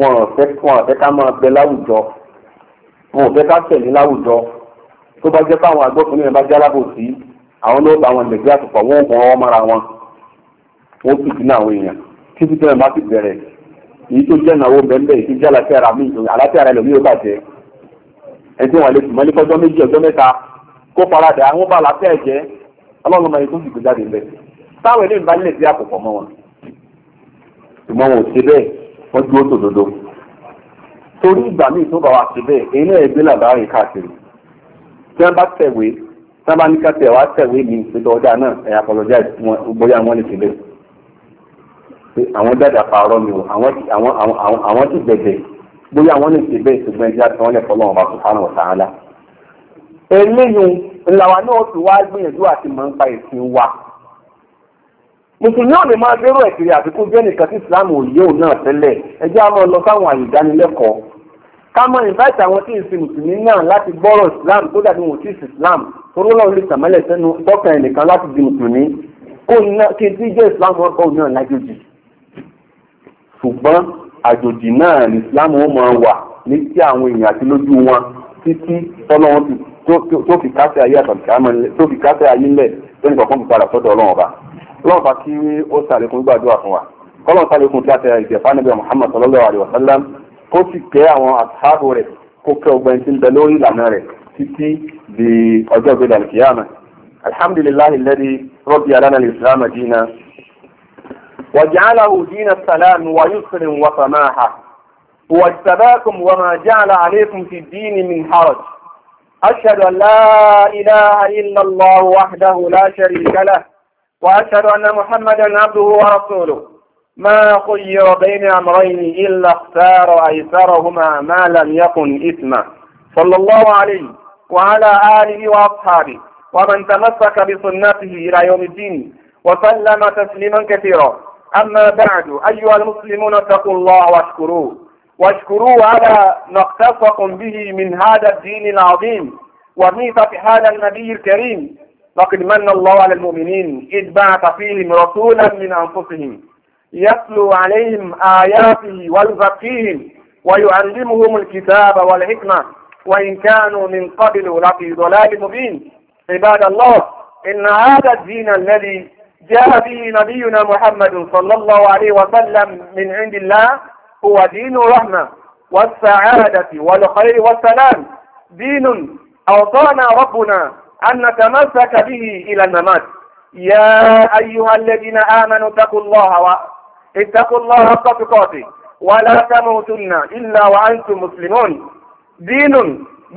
wọn fẹ́ wọn fẹ́ ká máa bẹ láwùjọ wọn ò fẹ́ ká tẹ̀lé láwùjọ tó bá jẹ́ fáwọn agbófinró yẹn bá jẹ́ alábòsí àwọn ló bá wọn lẹ̀gbẹ́ àtùpọ̀ wọn ò mọ ọwọ́ mọ́ra wọn wọn sì dín àwọn èèyàn kí títí náà má ti bẹ̀rẹ̀ èyí tó jẹ́ ìnáwó bẹ́ẹ̀ èyí tó jẹ́ àlàáfíà ara mi àlàáfíà ara ẹlòmíì ó bàjẹ́ ẹni tí wọn lè tì mọ́lé fọ́jọ́ méjì ọjọ́ mẹ́ta kó faradà àwọn bá àlàáfíà ẹ̀jẹ̀ ọlọ́run máa yẹ kó sì gbé jáde lẹ̀ táwọn eléyìí bá nílẹ̀ sí àpòpọ̀ mọ́ wọn ṣùgbọ́n wọn ò ṣe bẹ́ẹ̀ wọ́n dúró tòdodo torí ìgbà míì tó bá wa ṣe bẹ́ẹ̀ èyí náà ẹgbẹ́ làbárin káàkiri tí wọ́n bá tẹ̀wé tí wọ́n bá ní ká tẹ̀wá tẹ̀wé mi ìpínlẹ̀ ọjà náà ẹ̀yà àpọ̀lọ́jà bóyá wọ́n lè ṣe bẹ́ẹ̀ pé àwọn dáadáa pààrọ̀ mi o àwọn ti gbẹ̀gbẹ̀ bóyá wọ́n lè ṣe bẹ́ẹ̀ ṣùgbọ́n ẹja tí wọ́n lè fọ́ lọ́wọ́ bá subhanahu wa ta'ala eléyìí ńláwa náà ti wá gbìyànjú àti mọ̀ nípa ìsìn wa mùsùlùmí ò lè máa lérò ẹ̀kiri àfikún jẹ́ nìkan tí ìsìláàmù òye òun náà tẹ́lẹ̀ ẹjẹ́ á máa lọ sáwọn àyè ìdánilẹ́kọ̀ọ́ ká máa invite àwọn tí ìsìn mùsùlùmí náà láti gbọ́rọ̀ ìsìláàmù tó dàbí wọn ò tí ì ìsìláàmù tó lọ́wọ́ lè sàmẹ́lẹ̀ sẹ́nu tọ́kàn ẹnìkan láti di mùsùlùmí kí n tí jẹ́ ìsìláàmù ọkọ̀ òun náà lájòjì ṣùgbọ́n àjòjì náà ní ìsìláàmù ó máa wà ní tí àwọn èèyàn àti lójú wọn títí tọ́lọ́wọ́n tó fi kásẹ̀ ayé ọlọ́run bá kí ó sàlékún gbàdúrà fún wa kọ́lọ́n sàlékún tí a tẹ̀lé ìjẹ̀fà níbi Muhammad sallallahu alaihi wa sallam kó sì kẹ́ àwọn àtàbò rẹ̀ kó kẹ́ ọgbẹ́ni tí ń bẹ lórí ìlànà rẹ̀ títí di ọjọ́ ìgbéga kìyàmà alhamdulillahi alladhi rọ́bì alánà islam dina wàjàláhu dina salam wa yusrin wa samaha واجتباكم وما جعل عليكم في الدين من حرج أشهد أن لا إله إلا الله وحده لا شريك له وأشهد أن محمدا عبده ورسوله ما خير بين أمرين إلا اختار أيسرهما ما لم يكن إثما صلى الله عليه وعلى آله وأصحابه ومن تمسك بسنته إلى يوم الدين وسلم تسليما كثيرا أما بعد أيها المسلمون اتقوا الله واشكروه واشكروه على ما اقتصكم به من هذا الدين العظيم ومن هذا النبي الكريم لقد من الله على المؤمنين إذ بعث فيهم رسولا من أنفسهم يتلو عليهم آياته ويزكيهم ويعلمهم الكتاب والحكمة وإن كانوا من قبل لفي ضلال مبين عباد الله إن هذا الدين الذي جاء به نبينا محمد صلى الله عليه وسلم من عند الله هو دين الرحمة والسعادة والخير والسلام دين أوصانا ربنا أن نتمسك به إلى الممات يا أيها الذين آمنوا اتقوا الله و... اتقوا الله حق ولا تموتن إلا وأنتم مسلمون دين